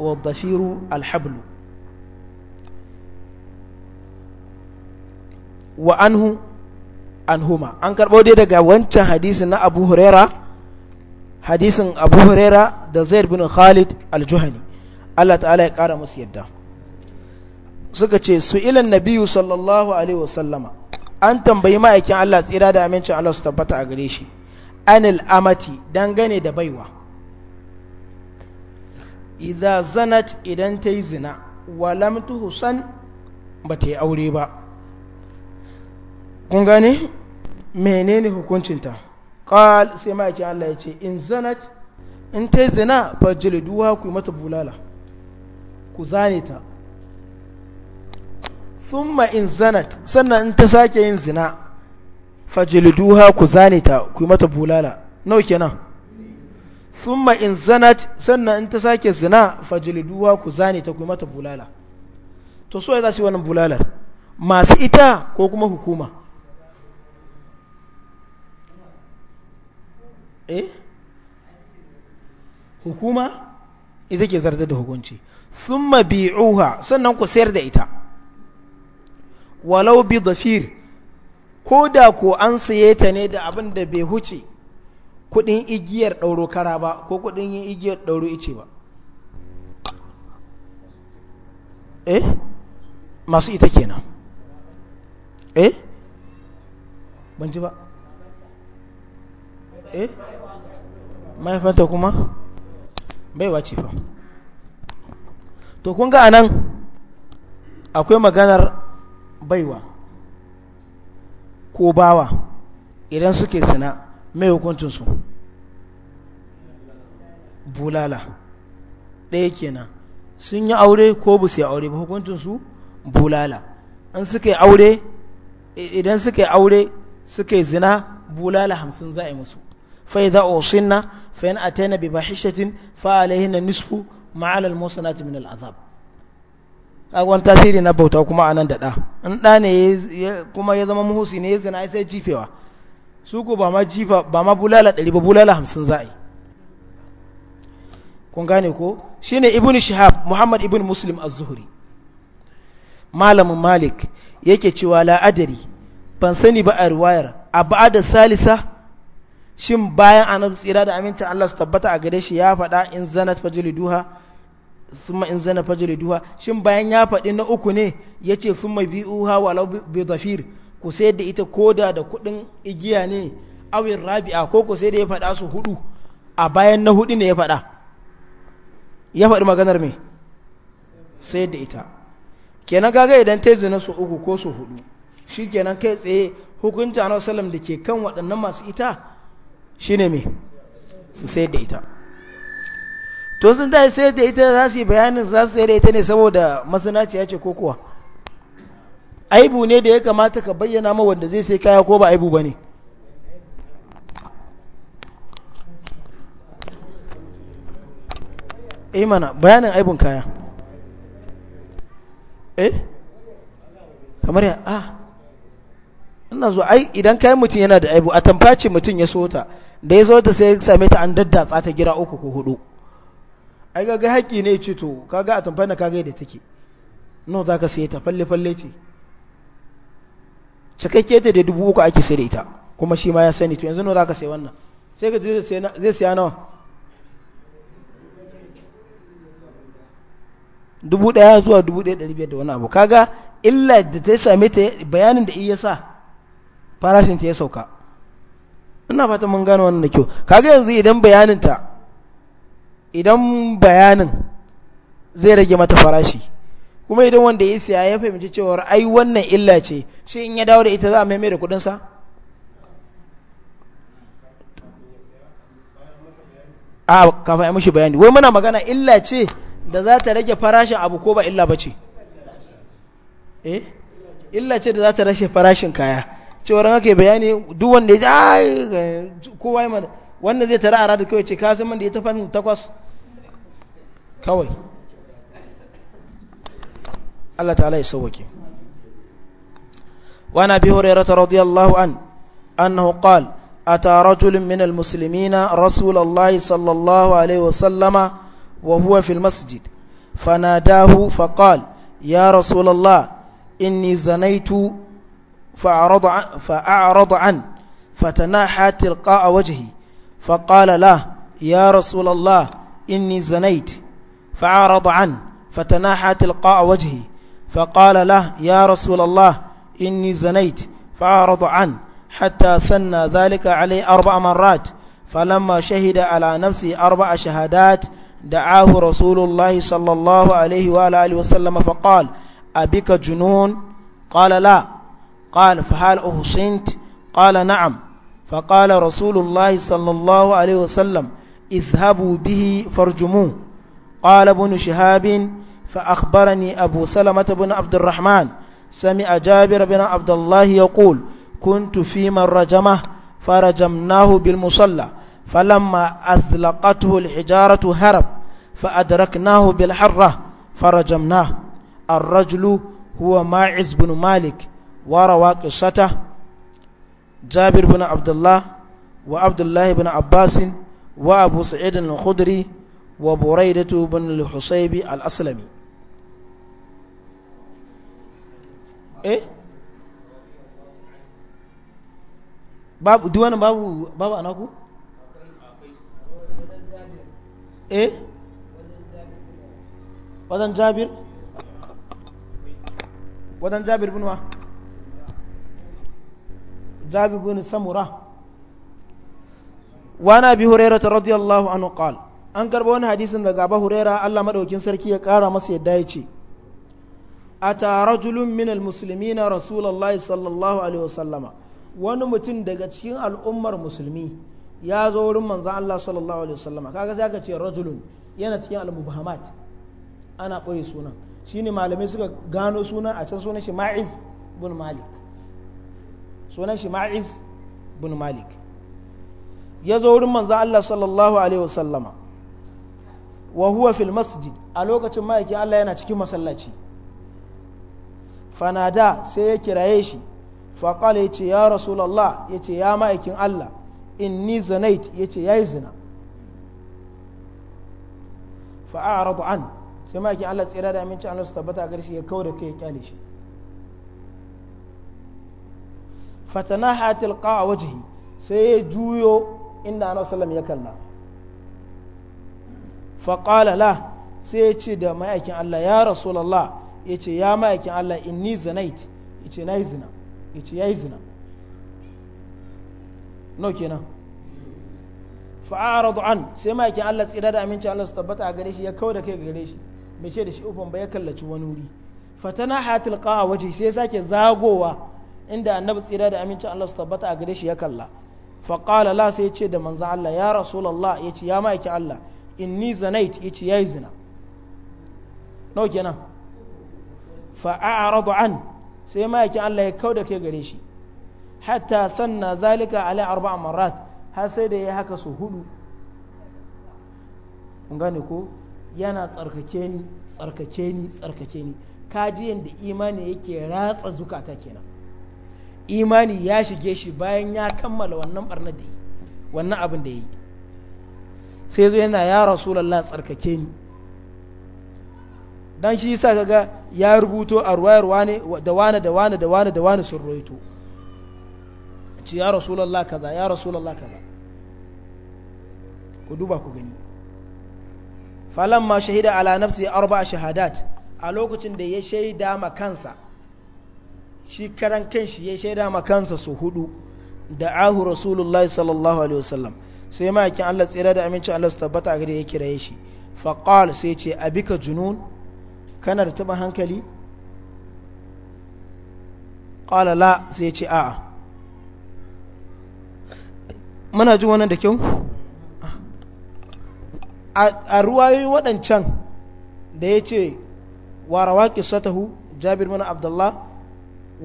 والضفير الحبل وأنه anhuma an karɓo dai daga wancan hadisin na abu huraira hadisin abu huraira da zaid bin khalid aljuhani allah ta'ala ya ƙara masu yadda suka ce su ilan nabiyu sallallahu alaihi wasallama an tambayi ma'aikin Allah tsira da amincin Allah su tabbata a gare shi anil amati dangane da baiwa idza zanat idan ta yi zina wa lam ba ta yi aure ba kun gane menene hukuncinta qal sai ma'aikin Allah ya ce in zanat in ta yi zina fa jilduha ku mata bulala ku zane ta thumma in zanat sannan in ta sake yin zina fajiliduha ku zane ta ku yi mata bulala nau nan thumma in zanat sannan in ta sake zina fajiliduha ku zane ta ku yi mata bulala to so ya za su yi wannan bulalar masu ita ko kuma hukuma eh hukuma ita ke zartar da hukunci thumma bi'uha sannan ku sayar da ita walau bi zafir ko da ko an saye ta ne da abin da bai huce kudin igiyar ɗauro kara ba ko kudin yin igiyar ɗauro ice ba eh masu ita kenan eh ban ji ba eh mahaifanta kuma bai ce fa to kun ga anan akwai maganar baiwa ko bawa idan suke sina mai hukuncinsu bulala ɗaya kenan sun yi aure ko bu sai aure ba hukuncinsu bulala in suka yi aure idan suka yi aure suka yi zina bulala hamsin za a yi musu fai za a wasu fayin a taina bai ba fa alaihin na nisfu ma'alal musanatu min al'azab wani tasiri na bauta kuma a nan da ɗa in ɗa ne kuma ya zama muhusi ne ya zina ai sai jifewa su ko ba ma jifa ba ma bulala ɗari ba bulala hamsin za'a kun gane ko shi ne ibn shihab muhammad ibn muslim az-zuhri malamin malik yake cewa la'adari ban sani ba a riwayar a ba'ada salisa shin bayan annabi tsira da amincin Allah su tabbata a gare shi ya faɗa in zanat fajliduha summa in zana fajri duha shin bayan ya faɗi na uku ne yace summa bi'uha walau bi zafir ku sayar da ita koda da kuɗin igiya ne awin rabi'a ko ku sai da ya faɗa su hudu a bayan na hudu ne ya faɗa ya faɗi maganar me sayar da ita kenan kaga idan ta zana su uku ko su hudu shi kenan kai tsaye hukunci a da ke kan waɗannan masu ita shine me su sayar da ita to sun ta sai da ita za su yi bayanin za su sayar da ita ne saboda ya ce ko kuwa aibu ne da ya kamata ka bayyana ma wanda zai sai kaya ko ba aibu ba ne imana eh bayanin aibun kaya eh kamar ya ah ina zo ai idan kayan mutum yana da aibu a tamfaci mutum ya sota da ya sota sai ya same ta an daddatsa ta gira uku ko hudu ai ga haƙi ne ce to kaga a tamfana kaga yadda take no za ka sai ta falle falle ce cikakke ta da dubu uku ake sai da ita kuma shi ma ya sani to yanzu no za ka sai wannan sai ka zai siya nawa dubu ɗaya zuwa dubu ɗaya ɗari biyar da wani abu kaga illa da ta same ta bayanin da iya sa farashin ta ya sauka ina fata mun gano wannan da kyau kaga yanzu idan bayanin ta idan bayanin zai rage mata farashi kuma idan wanda ya siya ya fahimci cewar ai wannan illa ce shi in ya dawo da ita za a maimai da kudinsa a kafin ya mushi bayani wai muna magana illa ce da za ta rage farashin abu ko ba illa ba ce eh illa ce da za ta rage farashin kaya cewar haka bayani duk wanda ya ji kowa yi mana wannan zai tara a rada kawai ce kasu man da ya tafanin takwas kawai Allah ta'ala ya sauwake wa nabi hurairah radiyallahu an annahu qala ata rajulun min almuslimina rasulullahi sallallahu alaihi wasallama wa huwa fil masjid fanadahu faqala ya rasulullah inni zanaitu فأعرض عن, فأعرض عن فتناحى تلقاء وجهي فقال له يا رسول الله إني زنيت فعرض عنه فتناحى تلقاء وجهه فقال له يا رسول الله إني زنيت فعرض عنه حتى ثنى ذلك عليه أربع مرات فلما شهد على نفسه أربع شهادات دعاه رسول الله صلى الله عليه وآله وسلم فقال أبك جنون قال لا قال فهل أحسنت قال نعم فقال رسول الله صلى الله عليه وسلم اذهبوا به فارجموه قال ابن شهاب فأخبرني أبو سلمة بن عبد الرحمن سمع جابر بن عبد الله يقول كنت في من رجمه فرجمناه بالمصلى فلما أثلقته الحجارة هرب فأدركناه بالحرة فرجمناه الرجل هو ماعز بن مالك وروى قصته جابر بن عبد الله وعبد الله بن عباس وأبو سعيد الخدري wa buraidatu bin al-husaybi al-aslami eh babu babu babu anaku eh wadan jabir bin wa jabir bin samura ابي هريره رضي الله عنه قال an karba wani hadisin daga Abu Huraira Allah madaukin sarki ya kara masa yadda ya ce a ata rajulun min na rasulullahi sallallahu alaihi wasallama wani mutum daga cikin al'ummar musulmi ya zo wurin manzon Allah sallallahu alaihi wasallama kaga sai aka ce rajulun yana cikin al-mubahamat ana ɓoye sunan shine malamai suka gano sunan a can sunan shi Ma'iz bin Malik sunan shi Ma'iz bin Malik ya zo wurin manzon Allah sallallahu alaihi wasallama wa huwa fil masjid a lokacin ma'aikin Allah yana cikin masallaci fanada sai ya kiraye shi faƙal ya ce ya rasulallah ya ce ya ma'aikin Allah inni zanait ya ce ya yi zina fa'aratu an sai ma'aikin Allah tsira da amince Allah su tabbata a garshi ya kau da kai ya kyale shi fatana hatil a wajihi sai ya juyo inda annabi sallam ya kalla faƙala la sai ya ce da ma'aikin Allah ya rasulallah ya ce ya ma'aikin Allah inni zanait ya ce na yi zina ya ce ya yi zina no kenan fa'aradu an sai ma'aikin Allah tsira da aminci Allah su tabbata a gare shi ya kawo da kai gare shi bai ce da shi ufan ba ya kallaci wani wuri fatana hatil qa'a waje sai sake zagowa inda annabi tsira da aminci Allah su tabbata a gare shi ya kalla fa qala la sai ya ce da manzo Allah ya rasulullah ya ce ya ma'aikin Allah inni zanait yace yayi zina nawa kenan fa a'radu an sai ma'aikin Allah ya da kai gare shi hatta sanna zalika ala arba'a marat har sai da ya haka su hudu kun ko yana tsarkake ni tsarkake ni tsarkake ni kaji yadda imani yake ratsa zukata kenan imani ya shige shi bayan ya kammala wannan barnar da yi wannan abin da yi sai zo yana ya rasulallah tsarkake ni dan shi yasa kaga ya rubuto a ruwayarwa ne da wane da wane da wane da wane sun roito ci ya rasulallah kaza ya rasulallah kaza ku duba ku gani ma shahida ala nafsi arba shahadat a lokacin da ya shaida ma kansa shi karan kanshi ya shaida ma kansa su hudu da ahu rasulullahi sallallahu alaihi wasallam sai ma'aikin Allah tsira da amincin Allah su tabbata a gare ya kiraye shi faqal sai ce abika junun kana da taba hankali qala la sai ce a'a muna jin wannan da kyau a ruwayoyi waɗancan da ya ce wa rawaki satahu jabir bin abdullah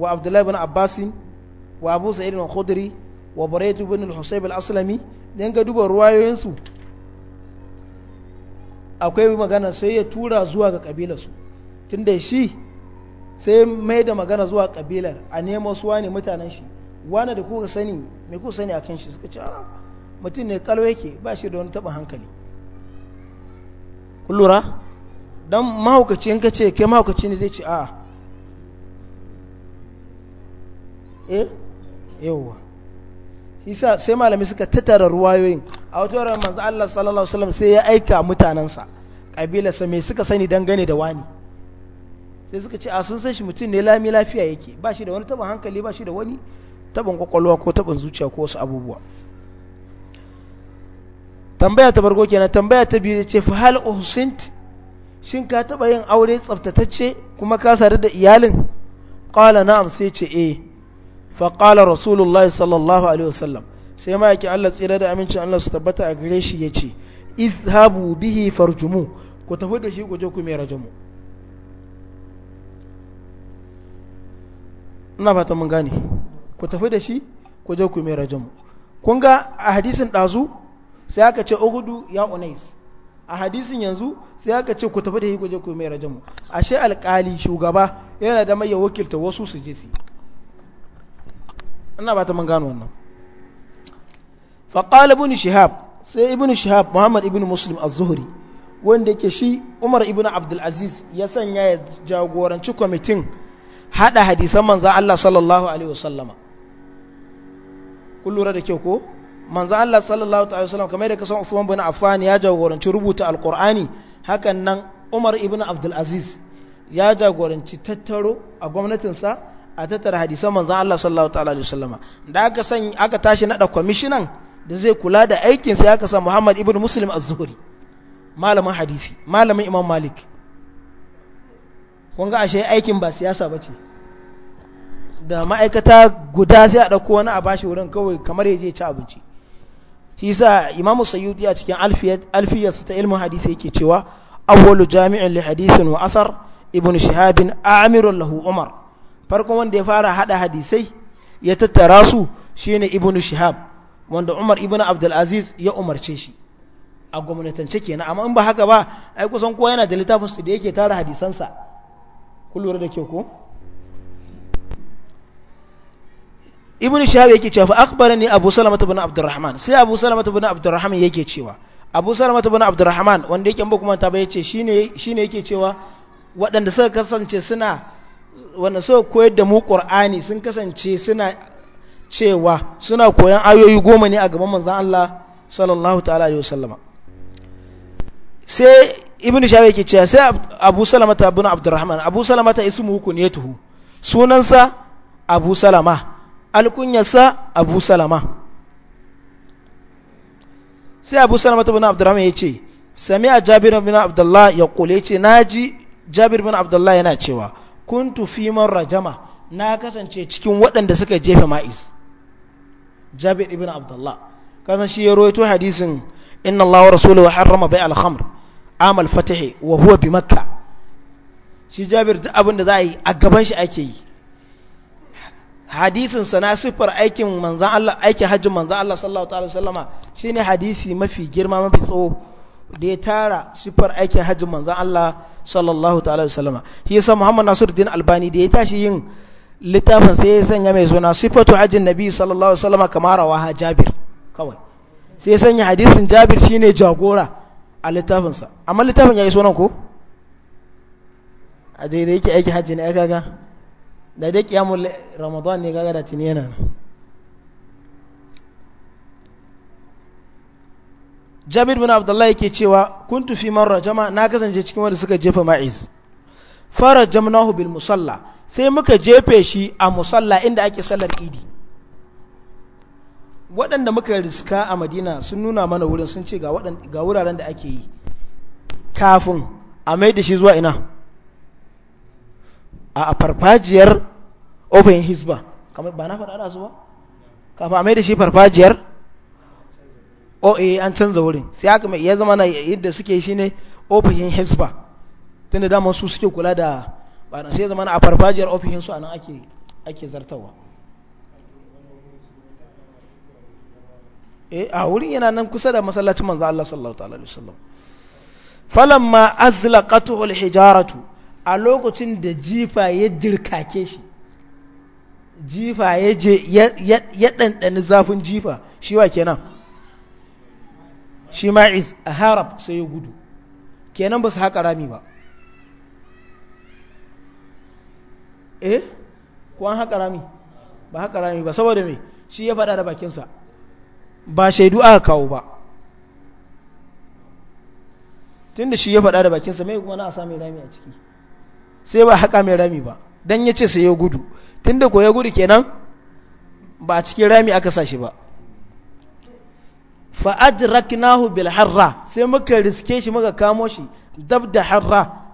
wa abdullahi bin abbasin wa abu sa'id bin khudri wa burayt bin al-husayb al-aslami don ga duba ruwayoyinsu akwai magana sai ya tura zuwa ga kabilarsu tunda shi sai mai da magana zuwa kabilar a nemo suwa ne mutanen shi wane da kuka sani mai kuka sani kan shi suka ce a ah, mutum ne kalwa yake ba shi da wani taba hankali kullura don mahaukaci in ka ce ke mahaukaci ne zai ce a eh yawwa isa sai malami suka tattara ruwayoyin a wata wurin manzo Allah sallallahu alaihi wasallam sai ya aika mutanansa kabilarsa mai suka sani dangane da wani sai suka ce a sun san shi mutum ne lami lafiya yake ba shi da wani taban hankali ba shi da wani taban kwakwalwa ko taban zuciya ko wasu abubuwa tambaya ta bargo kenan tambaya ta biyu ce fa hal uhsint shin ka taba yin aure tsaftatacce kuma ka sadu da iyalin qala na'am sai ce eh faƙala rasulullah sallallahu alaihi wasallam sai ma yake Allah tsira da amincin Allah su tabbata a gare shi ya ce izhabu bihi farjumu ku tafi da shi ku je ku mai rajamu ina fata mun gane ku tafi da shi ku je ku mai rajamu kun ga a hadisin ɗazu sai aka ce uhudu ya unais a hadisin yanzu sai aka ce ku tafi da shi ku je ku mai rajamu ashe alƙali shugaba yana da mai ya wakilta wasu su je su yi ina ba ta man gano wannan faƙala ibn shihab sai ibn shihab muhammad ibn muslim az-zuhri wanda yake shi umar ibn abdulaziz ya sanya ya jagoranci kwamitin hada hadisan manzan allah sallallahu alaihi wasallama kun lura da kyau ko manzan allah sallallahu alaihi wasallama kamar da kasan usman bin affan ya jagoranci rubuta alqur'ani hakan nan umar ibn abdulaziz ya jagoranci tattaro a gwamnatinsa a tattara hadisan manzan Allah sallallahu ta'ala alaihi wasallama da aka san aka tashi nada kwamishinan da zai kula da aikin sai aka san Muhammad ibn Muslim az-Zuhri malamin hadisi malamin Imam Malik kun ga ashe aikin ba siyasa bace da ma'aikata guda sai a dauko wani a bashi wurin kawai kamar ya je ci abinci shi yasa Imam Sayyidi a cikin alfiyat alfiyat ta ilmu hadisi yake cewa awwalu jami'in li hadithin wa athar ibn Shihab amirun lahu Umar farkon wanda ya fara hada hadisai ya tattara su shine ibn shihab wanda umar ibn abdul aziz ya umarce shi a gwamnatance kenan amma in ba haka ba ai kusan kowa yana da littafin su da yake tara hadisansa ku lura da ke ko ibn shihab yake cewa fa akhbarani abu salamah ibn abdurrahman sai abu salamah ibn abdurrahman yake cewa abu salamah ibn abdurrahman wanda yake ba kuma ta ba yace shine shine yake cewa waɗanda suka kasance suna wanda suka koyar da mu ƙur'ani sun kasance suna cewa suna koyan ayoyi goma ne a gaban manzan Allah sallallahu ta'ala yau sallama sai ibn shafi ke cewa sai abu salamata na abdurrahman abu salamata ya tuhu sunansa abu salama alkunyarsa abu salama sai abu salamata na abdurrahman ya ce sami a jabir bin abdullah ya kule ce na ji jabir bin Abdullahi yana cewa kuntu fi man rajama na kasance cikin waɗanda suka jefa ma'is jabir ibn abdullah kasan shi ya rawaito hadisin inna Allah wa rasuluhu harrama bai al amal fatahi wa huwa bi makka shi jabir duk abin za a yi a gaban shi ake yi hadisin sa na siffar aikin manzan Allah aikin hajjin manzan Allah sallallahu ta'ala sallama shine hadisi mafi girma mafi tsawo da ya tara siffar aikin hajjin manzan Allah sallallahu ta'ala wa sallama shi yasa Muhammad Nasiruddin Albani da ya tashi yin littafin sai ya sanya mai suna siffatu hajjin Nabi sallallahu alaihi wasallama kamar rawaha Jabir kawai sai ya sanya hadisin Jabir shine jagora a littafin sa amma littafin yi sunan ko a daidai yake aiki hajji ne kaga da dai kiyamul Ramadan ne kaga da tuni yana nan jabir bin abdullahi yake cewa kuntu fi marra jama na kasance cikin wanda suka jefa ma'iz fara jamnahu bil musalla sai muka jefe shi a musalla inda ake sallar idi waɗanda muka riska a madina sun nuna mana wurin sun ce ga wuraren da ake yi kafin a mai da shi zuwa ina a farfajiyar open hisba kamar ba na faɗa da su kafin a mai da shi farfajiyar oa an canza wurin sai haka mai ya zama na yadda suke ne ofishin hisba da damar su suke kula da ba sai zama na a farfajiyar ofishin su anan ake ake zartawa eh, a wurin yana nan kusa da masallacin manzo Allah sallallahu alaihi wasallam falamma azlaqatuhu alhijaratu a lokacin da jifa ya jirkake shi jifa ya je ya ɗanɗani zafin jifa shi wa kenan shi ma a harab sai ya gudu kenan ba su haƙa rami ba eh ko an haƙa rami ba haƙa rami ba saboda me shi ya faɗa da bakinsa ba shaidu aka kawo ba tunda shi ya faɗa da bakinsa mai kuma na a sami rami a ciki sai ba haƙa mai rami ba don ya ce sai ya gudu tunda ko ya gudu kenan ba a cikin rami aka sa shi ba Fa'ad rakinahu bilharra sai muka riske shi muka kamo shi dab da harra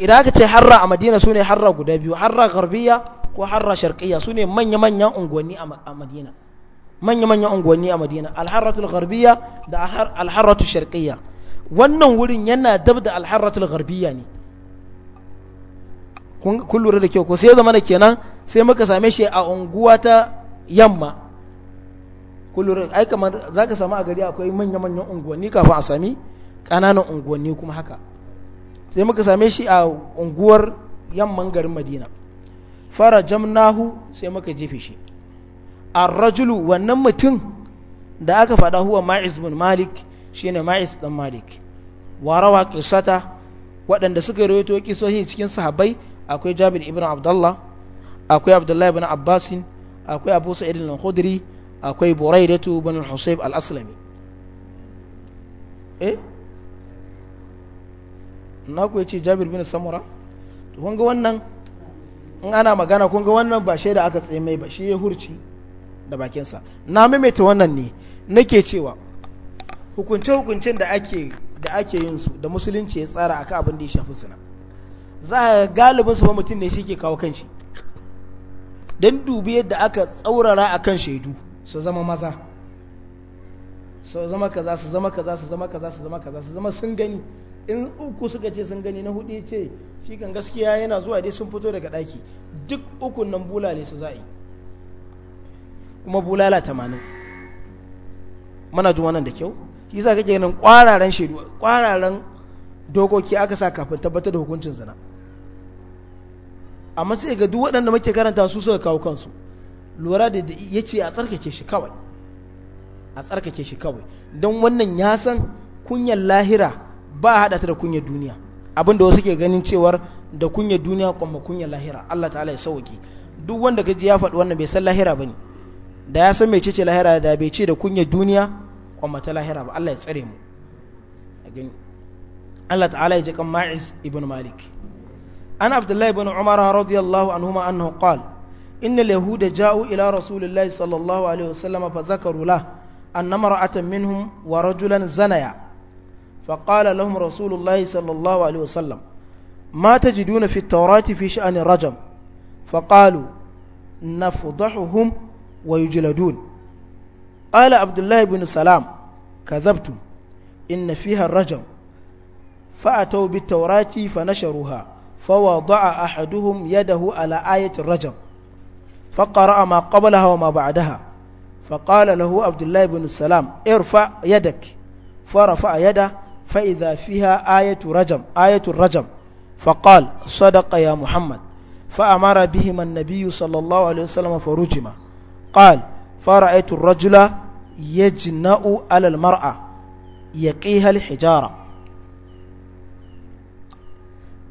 idan aka ce harra a madina sune harra guda biyu harra garbiya ko harra sharqiyya sune manya manyan unguwanni a madina manya manyan unguwanni a madina alharratul garbiya da alharratul sharkiya wannan wurin yana dab da alharratul garbiya ne kun lura da kyau ko sai zama da kenan sai muka same shi a unguwa ta yamma kullum ai kamar za ka samu a gari akwai manya-manyan unguwanni kafin a sami kananan unguwanni kuma haka sai muka same shi a unguwar yamman garin madina fara jamnahu sai muka jefe shi a rajulu wannan mutum da aka fada huwa ma'iz bin malik shine ma'iz dan malik warawa kisata waɗanda suka rawaito kisohi cikin sahabbai akwai jabir ibn abdullah akwai abdullahi ibn abbasin akwai abu sa'id al-khudri akwai buraidatu bin husayb al-aslami eh na ku yace jabir bin samura to kun ga wannan in ana magana kun ga wannan ba shaida aka tsaye mai ba shi ya hurci da bakinsa na maimaita wannan ne nake cewa hukunce hukuncin da ake da ake yin su da musulunci ya tsara akan abin da ya shafi suna za a galibin su ba mutum ne shi ke kawo kanshi don dubi yadda aka tsaurara akan shaidu su zama maza su zama kaza su zama kaza su zama kaza su zama kaza su zama sun gani in uku suka ce sun gani na hudu ya ce shi kan gaskiya yana zuwa dai sun fito daga daki duk uku nan bulale su za'i kuma bulala tamanin mana ji wannan da kyau shi sa kake ganin kwararan shaidu kwararan dokoki aka sa kafin tabbatar da hukuncin zina amma sai ga duk waɗanda muke karanta su suka kawo kansu lura da ya ce a tsarkake shi kawai a tsarkake shi kawai don wannan ya san kunyar lahira ba a haɗa ta da kunyar duniya abinda wasu ke ganin cewar da kunyar duniya kuma kunyar lahira Allah ta'ala ya sauke duk wanda ji ya faɗi wannan bai san lahira ba ne da ya san ce lahira da bai ce da kunyar duniya kuma ta lahira ba Allah ya tsare mu Allah ta'ala ya ji kan Ma'is ibn Malik an Abdullahi ibn Umar radiyallahu anhuma annahu qala inna da ja'u ila rasulillahi sallallahu alaihi wasallam fa zakaru la anna mar'atan minhum wa rajulan zanaya fa qala lahum rasulullahi sallallahu alaihi wasallam ma tajiduna fi at-taurati fi sha'ni rajam fa qalu nafdahuhum wa yujladun qala abdullah ibn salam kadhabtu inna fiha rajam فأتوا بالتوراة فنشروها فوضع أحدهم يده على آية الرجم فقرأ ما قبلها وما بعدها فقال له عبد الله بن السلام ارفع يدك فرفع يده فإذا فيها آية رجم آية الرجم فقال صدق يا محمد فأمر بهما النبي صلى الله عليه وسلم فرجم قال فرأيت الرجل يجنأ على المرأة يقيها الحجارة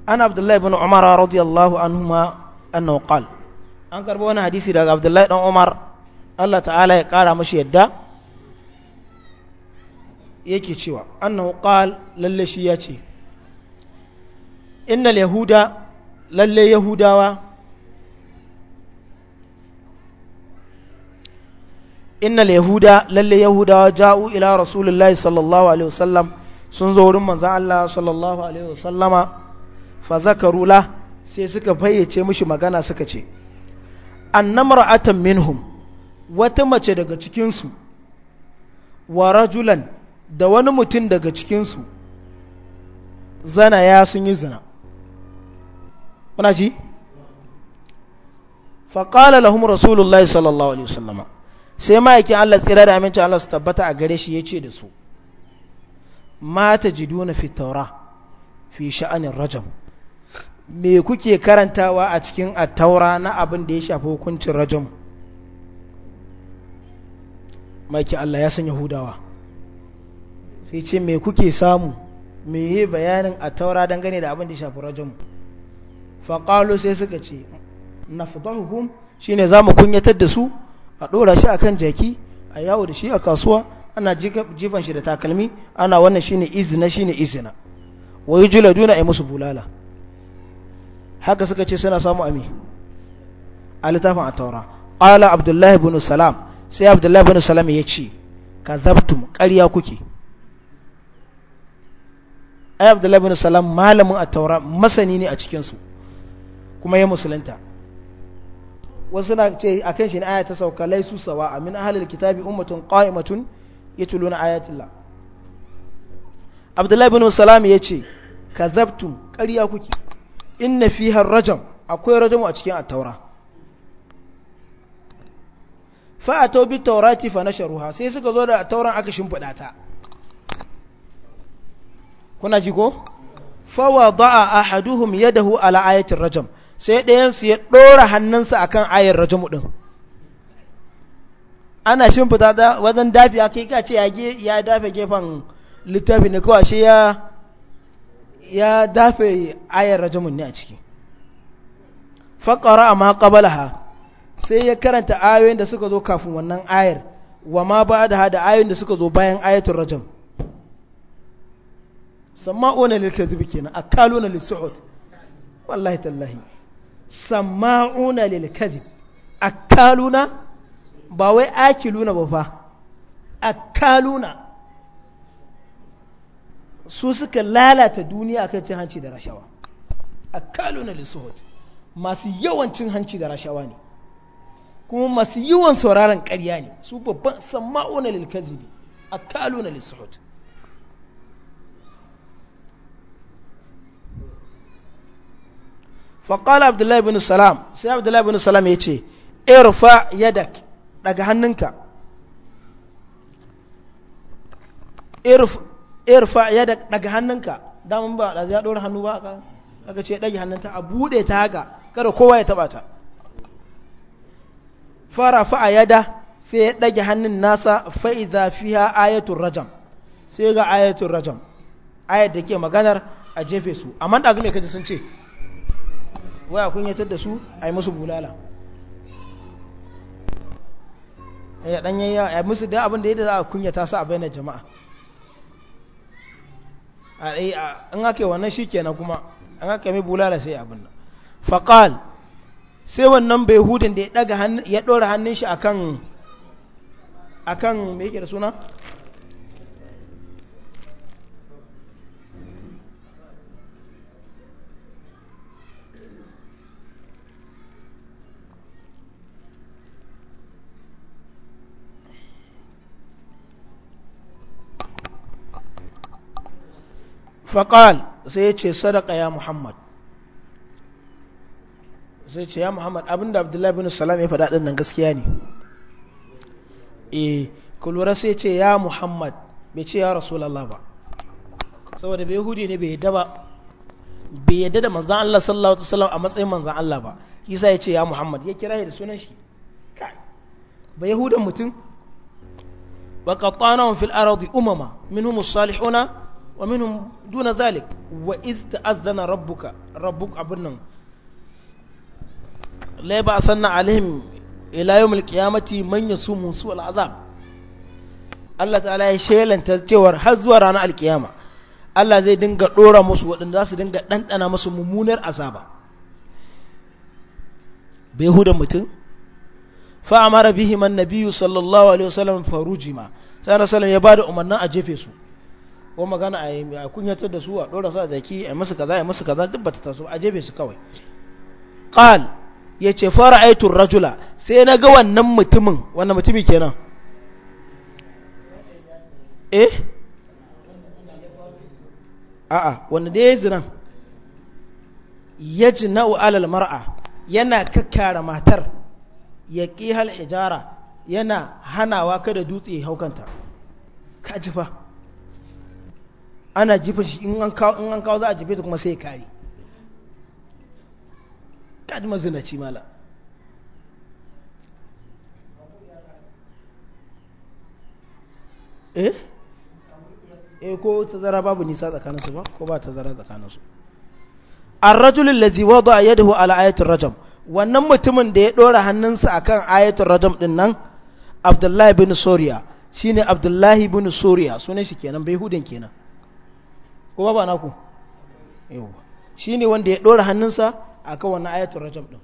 أنا عبد الله بن عمر رضي الله عنهما أنه قال an karbo wani hadisi daga abdullahi dan umar allah ta'ala ya kara mashi yadda yake cewa annahu qal lalle shi ya ce innal yahuda lalle yahudawa innal yahuda lalle yahudawa ja'u ila rasulullahi sallallahu alaihi wasallam sun zo wurin manzon Allah sallallahu alaihi wasallama fa zakaru la sai suka fayyace mishi magana suka ce atan minhum wata mace daga cikinsu wa rajulan da wani mutum daga cikinsu zana ya sun yi zina muna ji faƙala lahum rasulullahi sallallahu alaihi wasallama sai ma'aikin Allah tsira da amincin Allah su tabbata a gare shi ya ce da su mata jiduna fi taura fi sha'anin rajam me kuke karantawa a cikin attaura na abin da ya shafi hukuncin rajam maki Allah ya san yahudawa sai ce me kuke samu me yi bayanin attaura dangane da abin da ya shafi rajam faƙalo sai suka ce na fitahukum shi ne za mu kunyatar da su a ɗora shi a kan jaki a yawo da shi a kasuwa ana jifan shi da takalmi ana wannan shi ne izina shi ne izina wa jula duna a musu bulala haka suka ce suna samu ami a littafin a taura ƙala abdullahi bin salam sai abdullahi bin salam ya ce ka zabtum ƙarya kuke ai abdullahi bin salam malamin a taura masani ne a cikinsu kuma ya musulunta wasu na ce a kan shi ne aya ta sauka laisu sawa a min ahalar kitabi ummatun qa'imatun na ayatullah abdullahi bin salam ya ce ka kazabtum ƙarya kuke inna har rajam akwai rajamu a cikin attaura fa a taubi taurati fa nasharuha sai suka zo da attauran aka shimfiɗa ta kuna ji ko fa wada'a ahaduhum yadahu ala ayatin rajam sai ɗayan su ya ɗora hannunsa akan ayar rajamu ɗin. ana shimfiɗa wajen dafi aka yi kace ya dafe gefen littafi ne kawai shi ya ya dafe ayar rajamun ne a ciki faƙara amma ƙabalaha sai ya karanta ayoyin da suka zo kafin wannan ayar wa ma ba da hada ayoyin da suka zo bayan ayatul rajam sama'una lil kadhib kenan akaluna lis suhud wallahi tallahi sama'una lil kadhib akaluna ba wai akiluna ba fa akaluna su suka lalata duniya akan cin hanci da rashawa a akaluna lisuhut masu yawan cin hanci da rashawa ne kuma masu yawan sauraron karya ne su babban sama'una lilkazibi a akaluna lisuhut فقال عبد الله بن سلام سي عبد الله بن سلام يجي ارفع يدك daga hannunka irfa ya daga hannunka daman ba da ya dora hannu ba aka aka ce dage hannunta a bude ta haka kada kowa ya taba ta fara fa'a yada sai ya dage hannun nasa fa idza fiha ayatul rajam sai ga ayatul rajam ayat da ke maganar a jefe su amma da me kaji sun ce waya kunyatar da su ai musu bulala ya dan yayya ai musu da abin da yadda za a kunyata su a bainar jama'a an eh, ake wannan shi kenan kuma an ake mai bulala sai abin nan faƙal sai wannan bai hudun da ya ɗora hannun shi akan akan mai yake da suna faƙal sai ya ce sadaka ya muhammad sai ce ya muhammad abinda abdullahi bin salam ya faɗa nan gaskiya ne eh kulura sai ce ya muhammad bai ce ya rasulallah ba saboda bai hudi ne bai yadda ba bai yadda da manzan Allah sallallahu alaihi wasallam a matsayin manzan Allah ba kisa ya ce ya muhammad ya kira da sunan shi kai ba yahudan mutum wa qattana fil ardi umama minhum as-salihuna wa minhum duna zalik wa iz ta'azzana rabbuka rabbuk abun nan la ba sanna alaihim ila yawmil qiyamati man yasumu su al'azab Allah ta'ala ya shelanta cewar har zuwa ranar alkiyama Allah zai dinga dora musu waɗanda su dinga ɗanɗana musu mummunar azaba bai huda mutum fa amara bihi man nabiyyu sallallahu alaihi wasallam farujima sai rasulullah ya bada umarnin a jefe su ko magana a kunyatar da su a ɗora su a zaki a masu kaza a masu kaza duk bata taso a jefe su kawai qal yace fara'aitu rajula sai na ga wannan mutumin wannan mutumi kenan eh a'a wanda da yayi zinan yajna'u alal mar'a yana kakkara matar ya hal hijara yana hanawa kada dutse haukanta ka ji fa ana jifa shi in an kawo za a jefe ta kuma sai ya kare kaji mazinaci mala eh eh ko tazara babu nisa tsakaninsu ba ko ba tazara tsakaninsu الرجل الذي وضع yadda ala آية rajam wannan mutumin da ya dora hannunsa akan ayatul rajam din nan Abdullahi bin Suriya shine Abdullahi bin Suriya sunan shi kenan bai hudun kenan ko ba naku shi ne wanda ya ɗora hannunsa kan wannan ayatun rajab ɗin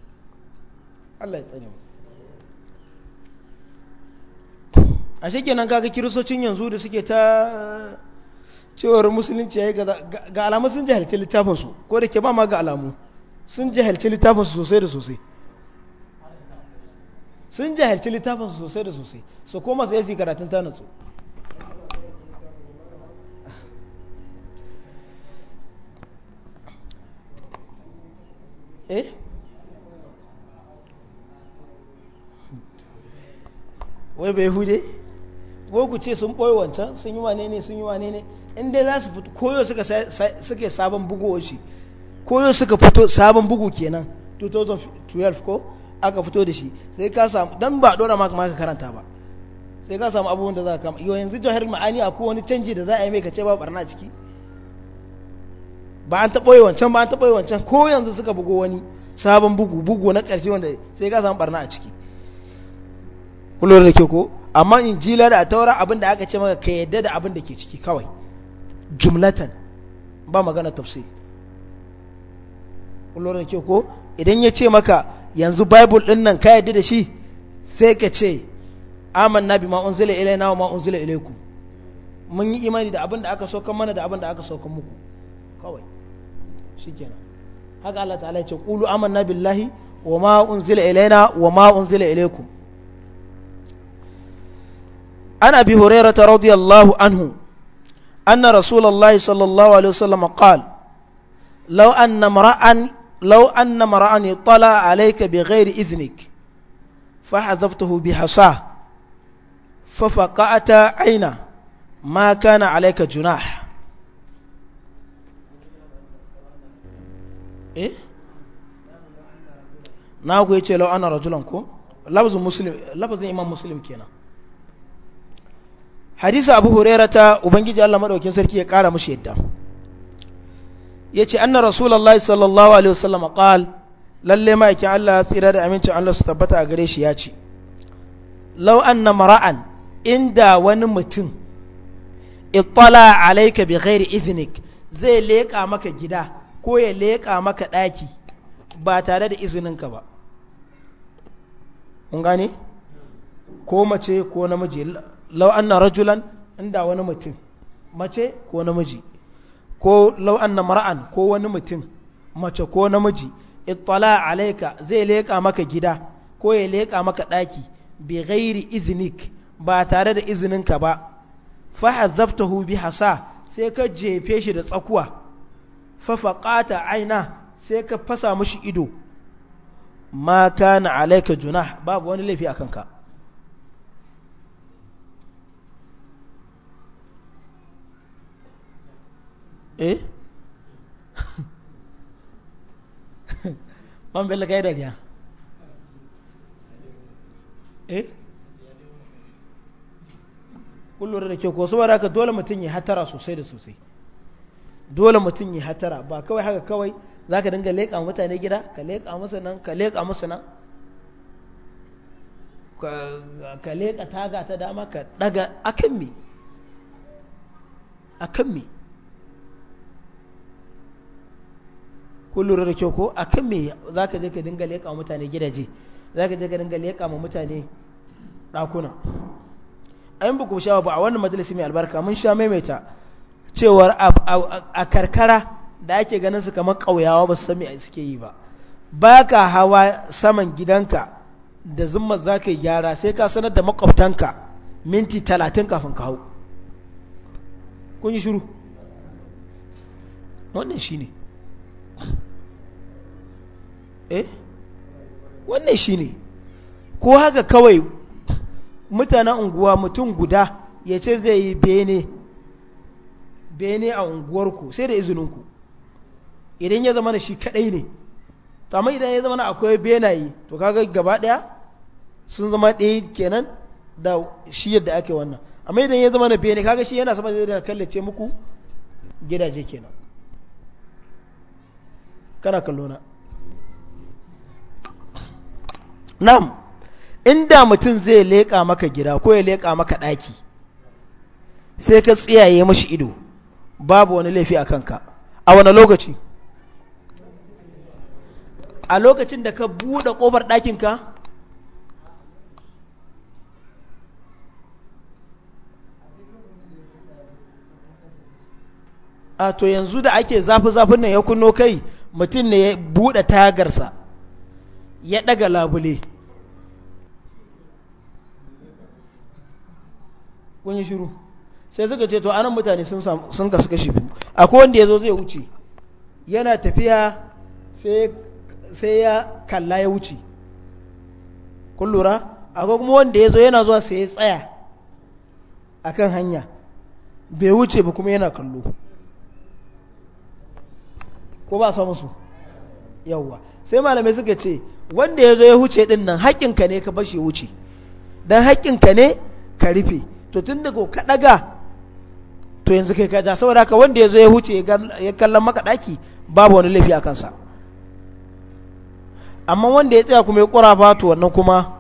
Allah ya tsare mu a nan kaga kiristocin yanzu da suke ta cewar musulunci ya yi ga alamu sun jahilci littafin su ko da ke ba ma ga alamu sun jahilci littafin su sosai da sosai sun jahilci littafin su sosai da sosai su koma sai su karatun ta eh wai bai hude ko ku ce sun ɓoye wancan sun yi wane ne sun yi wane ne in dai za su fito koyo suka suke sabon bugu shi koyo suka fito sabon bugu kenan 2012 ko aka fito da shi sai ka samu dan ba dora maka maka karanta ba sai ka samu abubuwan da za ka kama yau yanzu jihar ma'ani akwai wani canji da za a yi mai ka ce ba barna ciki ba an taɓa yi wancan ba an taɓa yi wancan ko yanzu suka bugo wani sabon bugu bugu na ƙarshe wanda sai ka samu barna a ciki kullum da ke ko amma injila da taura abin da aka ce maka ka yadda da abin da ke ciki kawai jumlatan ba magana tafsir kullum da ke ko idan ya ce maka yanzu bible din nan ka yadda da shi sai ka ce aman ma bima unzila ilaina wa ma unzila ilaikum mun yi imani da abin da aka saukan mana da abin da aka saukan muku kawai shikenan haka Allah ta ya ce qulu amanna billahi wa ma unzila ilaina wa ma unzila ilaikum an abi hurairah radiyallahu anhu anna rasulullahi sallallahu alaihi wasallam qala law anna mar'an law anna mar'an tala alayka bighairi idhnik فحذفته بحصاه ففقعت عينه ma كان عليك جناح eh na ku yace law ana rajulan ko lafzin muslim lafzin imam muslim kenan hadisi abu huraira ta ubangiji Allah madaukin sarki ya kara mushi yadda yace anna rasulullahi sallallahu alaihi wasallam qala lalle ma yake Allah ya tsira da amincin Allah su tabbata a gare shi ya ce law anna mara'an inda wani mutum ittala alayka bi ghairi iznik zai leka maka gida ko ya leƙa maka ɗaki ba tare da izininka ba kun gane ko mace ko namiji lau anna rajulan inda wani mutum mace ko namiji ko lau anna mar'an ko wani mutum mace ko namiji ittala alaika zai leƙa maka gida ko ya leƙa maka ɗaki bi ghairi iznik ba tare da izininka ba fa hazaftahu bi hasa sai ka jefe shi da tsakuwa fafaƙata aina sai ka fasa mashi ido ma ka na alaika juna babu wani laifi a kanka eh man bella kai dariya eh kullum da ke ko saboda haka dole mutum ya hatara sosai da sosai dole mutum ya hatara ba kawai haka kawai za ka dinga leƙa mutane gida ka leƙa musu nan ka leƙa musu nan ka leƙa taga ta dama ka ɗaga akan me akan me kun lura da kyau ko akan me za ka je ka dinga leƙa mutane gidaje za ka je ka dinga leƙa ma mutane ɗakuna A yin ku sha ba a wannan majalisi mai albarka mun sha maimaita cewar a karkara da ake ganin su kamar ƙauyawa ba su sami a suke yi ba ba ka hawa saman gidanka da zumma za ka gyara sai ka sanar da makwabtanka minti talatin kafin ka hau kun yi shiru wannan shi ne eh? wannan shi ne ko haka kawai mutanen unguwa mutum guda ya ce zai yi bene bene a unguwarku sai da izininku idan ya zama na shi kadai ne to amma idan ya zama na akwai benaye to kaga gaba daya sun zama ɗaya kenan da shi yadda ake wannan amma idan ya zama na bene kaga shi yana sama zai da kallace muku gidaje kenan kana kallona nam inda mutum zai leƙa maka gida ko ya leƙa maka ɗaki sai ka tsiyaye mashi ido babu wani laifi a kanka a wani lokaci a lokacin da ka buɗe ƙofar ɗakinka a to yanzu da ake zafi-zafin nan ya kunno kai mutum ne ya buɗe tagarsa ya ɗaga labule kun yi shiru sai suka ce to anan mutane sun kasu kashi biyu akwai wanda ya zo zai wuce yana tafiya sai ya kalla ya wuce kun lura akwai kuma wanda ya zo yana zuwa sai ya tsaya akan hanya bai wuce ba kuma yana kallo ko ba sa musu yawwa sai malamai suka ce wanda ya zo ya wuce din nan haƙƙinka ne ka bashi ya wuce don haƙƙinka ne ka rufe to tun da ko ka ɗaga to yanzu kai kaja saboda haka wanda ya zo ya huce ya kallon maka daki babu wani laifi a kansa amma wanda ya tsaya kuma ya ƙurafa to wannan kuma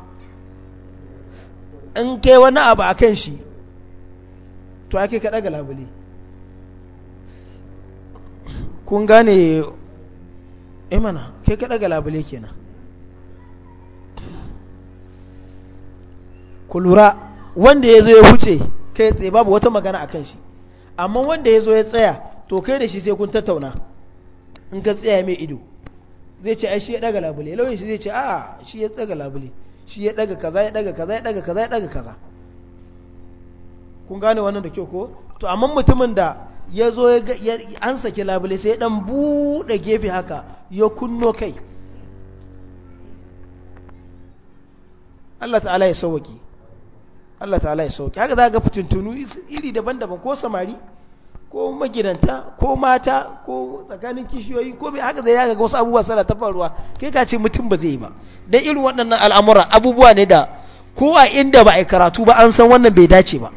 in kai wani abu a kan shi to ake kaɗa ga labule kun gane imana eh kai kaɗa ga labule kenan ku lura wanda ya zo ya huce kai tsaye babu wata magana a kan shi amma wanda ya zo ya tsaya to kai da shi sai kun tattauna in ka tsaya mai ido zai ce ai shi ya daga labule lauyin shi zai ce a shi ya daga labule shi ya daga kaza ya daga kaza ya daga kaza ya daga kaza kun gane wannan da kyau ko to amma mutumin da ya zo an saki labule sai dan bude gefe haka ya kunno kai Allah ta'ala ya sauwaki Allah ta'ala ya sauki haka za ga fitintunu iri daban-daban ko samari ko magidanta ko mata ko tsakanin kishiyoyi ko mai haka zai ya ga wasu abubuwa sana ta faruwa kai ka ce mutum ba zai yi ba dan irin waɗannan al'amura abubuwa ne da ko a inda ba a karatu ba an san wannan bai dace ba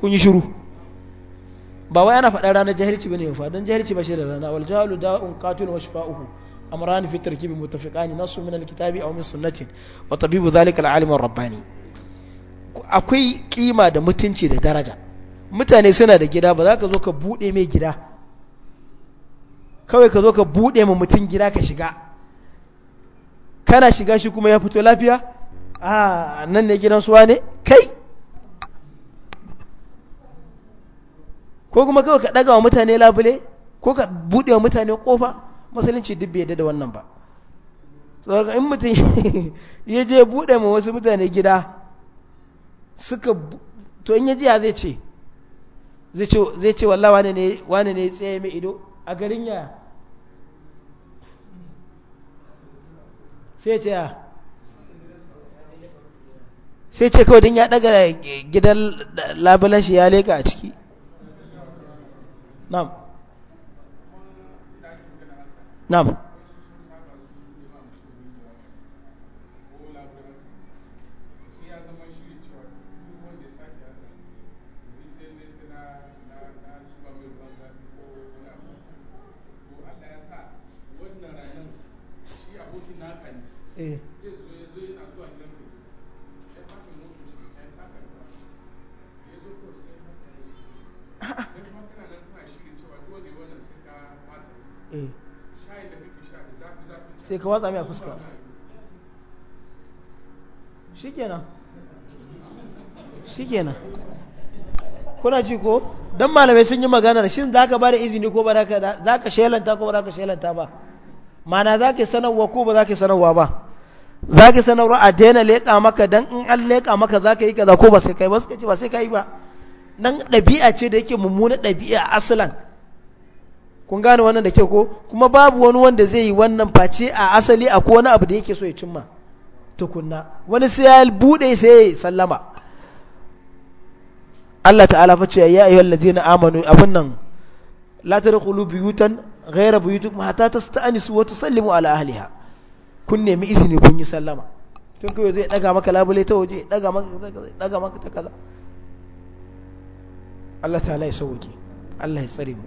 kun yi shiru ba wai ana faɗa ranar jahilci bane ya fa jahilci ba shi da rana wal jahilu da'un qatilun wa shifa'uhu أمران في التركيب متفقان نص من الكتاب أو من سنة وطبيب ذلك العالم الرباني akwai kima da mutunci da daraja mutane suna da gida ba za ka zo ka bude mai gida kawai ka zo ka bude ma mutum gida ka shiga kana shiga shi kuma ya fito lafiya a nan ne gidan suwa ne kai ko kuma kawai ka daga wa mutane labule ko ka bude wa mutane kofa. musulunci duk bai da wannan ba tsoron in mutum ya je buɗe ma wasu mutane gida suka to in ya jiya zai ce zai ce wallah wane ne tsaye mai ido a garin ya sai ce ya sai ce kawai don ya daga gidan labulan shi ya leka a ciki na'am na'am eh, eh. sai ka watsa mai a fuska shikenan shikenan kuna ji ko don malamai sun yi maganar shi za ka ba da izini ko ba za ka shelanta ko ba za ka shelanta ba mana za ka sanarwa ko ba za ka sanarwa ba za ka sanarwa a daina leƙa maka don in an leƙa maka za ka yi kaza ko ba sai ka yi ba sai ka yi ba nan ɗabi'a ce da yake mummuna ɗabi'a asalan kun gane wannan da ke ko kuma babu wani wanda zai yi wannan face a asali a wani abu da yake so ya cimma tukunna wani sai ya bude sai ya sallama Allah ta'ala fa ce ya ayyuhal ladina amanu abun nan la tadkhulu buyutan ghayra buyutikum hatta tasta'nisu wa tusallimu ala ahliha kun nemi izini kun yi sallama tun kai zai daga maka labule ta waje daga maka daga maka ta kaza Allah ta'ala ya sauke Allah ya tsare mu